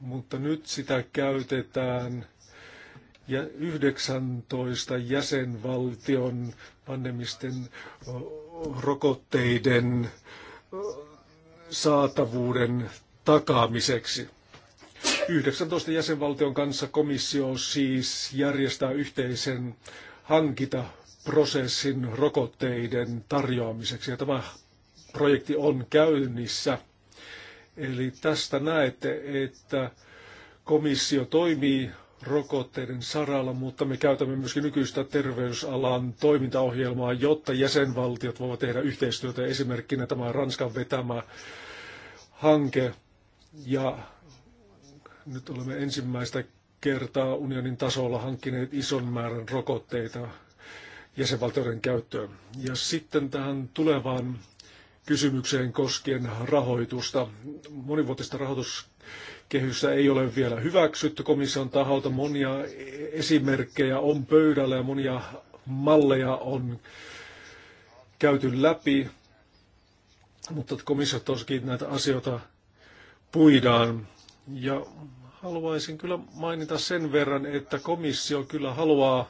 mutta nyt sitä käytetään ja 19 jäsenvaltion pandemisten rokotteiden saatavuuden takaamiseksi. 19 jäsenvaltion kanssa komissio siis järjestää yhteisen hankintaprosessin rokotteiden tarjoamiseksi. Ja tämä projekti on käynnissä. Eli tästä näette, että komissio toimii rokotteiden saralla, mutta me käytämme myöskin nykyistä terveysalan toimintaohjelmaa, jotta jäsenvaltiot voivat tehdä yhteistyötä. Esimerkkinä tämä Ranskan vetämä hanke. Ja nyt olemme ensimmäistä kertaa unionin tasolla hankkineet ison määrän rokotteita jäsenvaltioiden käyttöön. Ja sitten tähän tulevaan kysymykseen koskien rahoitusta. Monivuotista rahoituskehystä ei ole vielä hyväksytty komission taholta. Monia esimerkkejä on pöydällä ja monia malleja on käyty läpi, mutta komissio tosikin näitä asioita puidaan. Ja haluaisin kyllä mainita sen verran, että komissio kyllä haluaa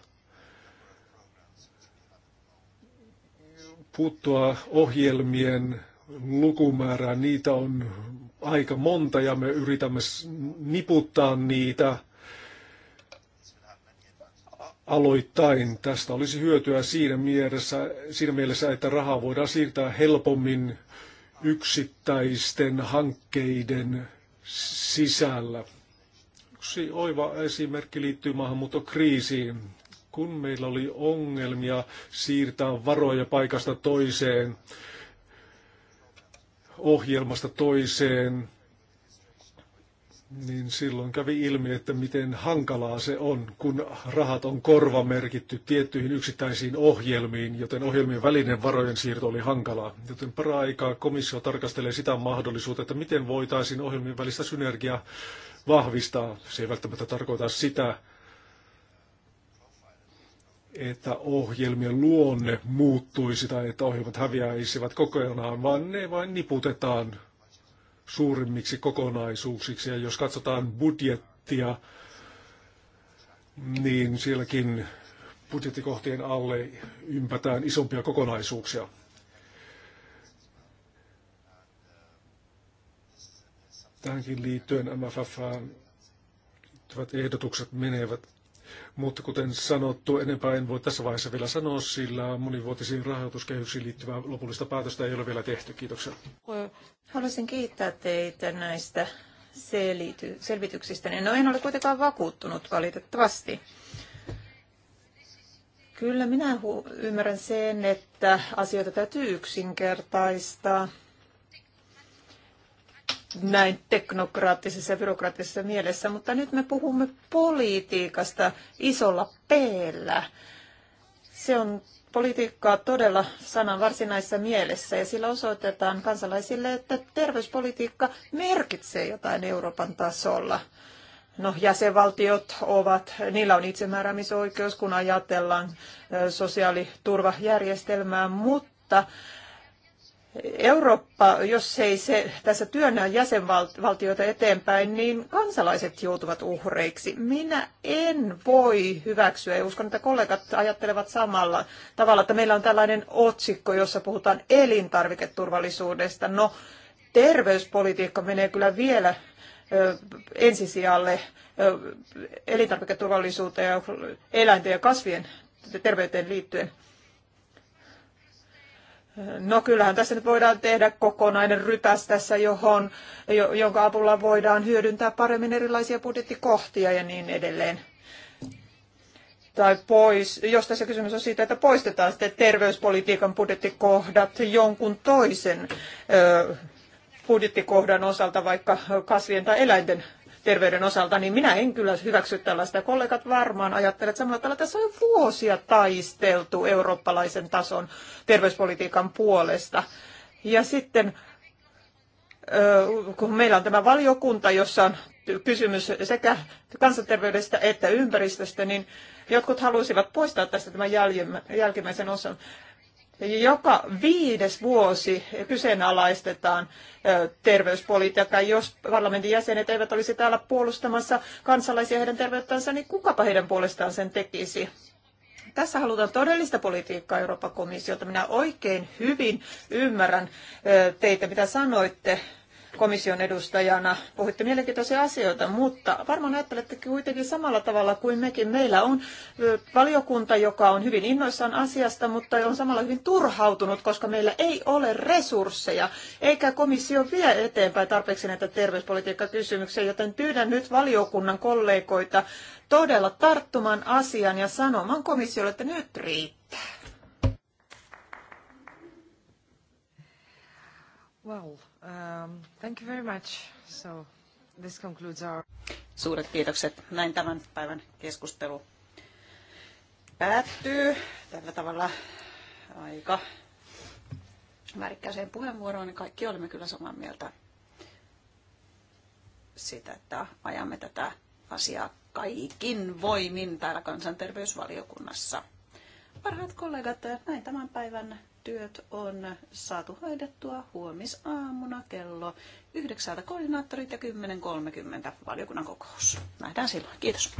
puuttua ohjelmien lukumäärää. Niitä on aika monta ja me yritämme niputtaa niitä aloittain. Tästä olisi hyötyä siinä mielessä, siinä mielessä, että rahaa voidaan siirtää helpommin yksittäisten hankkeiden sisällä. Yksi oiva esimerkki liittyy maahanmuuttokriisiin kun meillä oli ongelmia siirtää varoja paikasta toiseen, ohjelmasta toiseen, niin silloin kävi ilmi, että miten hankalaa se on, kun rahat on korvamerkitty tiettyihin yksittäisiin ohjelmiin, joten ohjelmien välinen varojen siirto oli hankalaa. Joten para-aikaa komissio tarkastelee sitä mahdollisuutta, että miten voitaisiin ohjelmien välistä synergiaa vahvistaa. Se ei välttämättä tarkoita sitä, että ohjelmien luonne muuttuisi tai että ohjelmat häviäisivät kokonaan, vaan ne vain niputetaan suurimmiksi kokonaisuuksiksi. Ja jos katsotaan budjettia, niin sielläkin budjettikohtien alle ympätään isompia kokonaisuuksia. Tähänkin liittyen MFF ehdotukset menevät mutta kuten sanottu, enempää en voi tässä vaiheessa vielä sanoa, sillä monivuotisiin rahoituskehyksiin liittyvää lopullista päätöstä ei ole vielä tehty. Kiitoksia. Haluaisin kiittää teitä näistä selity- selvityksistä. No en ole kuitenkaan vakuuttunut valitettavasti. Kyllä minä ymmärrän sen, että asioita täytyy yksinkertaistaa näin teknokraattisessa ja byrokraattisessa mielessä, mutta nyt me puhumme politiikasta isolla peellä. Se on politiikkaa todella sanan varsinaisessa mielessä ja sillä osoitetaan kansalaisille, että terveyspolitiikka merkitsee jotain Euroopan tasolla. No, jäsenvaltiot ovat, niillä on itsemääräämisoikeus, kun ajatellaan sosiaaliturvajärjestelmää, mutta mutta Eurooppa, jos ei se tässä työnnä jäsenvaltioita eteenpäin, niin kansalaiset joutuvat uhreiksi. Minä en voi hyväksyä, ja uskon, että kollegat ajattelevat samalla tavalla, että meillä on tällainen otsikko, jossa puhutaan elintarviketurvallisuudesta. No, terveyspolitiikka menee kyllä vielä ensisijalle elintarviketurvallisuuteen ja eläinten ja kasvien terveyteen liittyen. No kyllähän tässä nyt voidaan tehdä kokonainen rypäs tässä, johon, jonka avulla voidaan hyödyntää paremmin erilaisia budjettikohtia ja niin edelleen. Tai pois, jos tässä kysymys on siitä, että poistetaan sitten terveyspolitiikan budjettikohdat jonkun toisen ö, budjettikohdan osalta, vaikka kasvien tai eläinten terveyden osalta, niin minä en kyllä hyväksy tällaista. Kollegat varmaan ajattelevat samalla tavalla. Tässä on vuosia taisteltu eurooppalaisen tason terveyspolitiikan puolesta. Ja sitten kun meillä on tämä valiokunta, jossa on kysymys sekä kansanterveydestä että ympäristöstä, niin jotkut halusivat poistaa tästä tämän jälkimmäisen osan joka viides vuosi kyseenalaistetaan terveyspolitiikkaa. Jos parlamentin jäsenet eivät olisi täällä puolustamassa kansalaisia heidän terveyttänsä, niin kukapa heidän puolestaan sen tekisi? Tässä halutaan todellista politiikkaa Euroopan komissiolta. Minä oikein hyvin ymmärrän teitä, mitä sanoitte komission edustajana. Puhuitte mielenkiintoisia asioita, mutta varmaan ajattelette kuitenkin samalla tavalla kuin mekin. Meillä on valiokunta, joka on hyvin innoissaan asiasta, mutta on samalla hyvin turhautunut, koska meillä ei ole resursseja, eikä komissio vie eteenpäin tarpeeksi näitä terveyspolitiikkakysymyksiä, joten pyydän nyt valiokunnan kollegoita todella tarttumaan asiaan ja sanomaan komissiolle, että nyt riittää. Wow. Um, thank you very much. So this concludes our... Suuret kiitokset. Näin tämän päivän keskustelu päättyy. Tällä tavalla aika värikkäiseen puheenvuoroon, niin kaikki olemme kyllä samaa mieltä siitä, että ajamme tätä asiaa kaikin voimin täällä kansanterveysvaliokunnassa. Parhaat kollegat, näin tämän päivän työt on saatu hoidettua huomisaamuna kello 9 koordinaattorit ja 10.30 valiokunnan kokous. Nähdään silloin. Kiitos.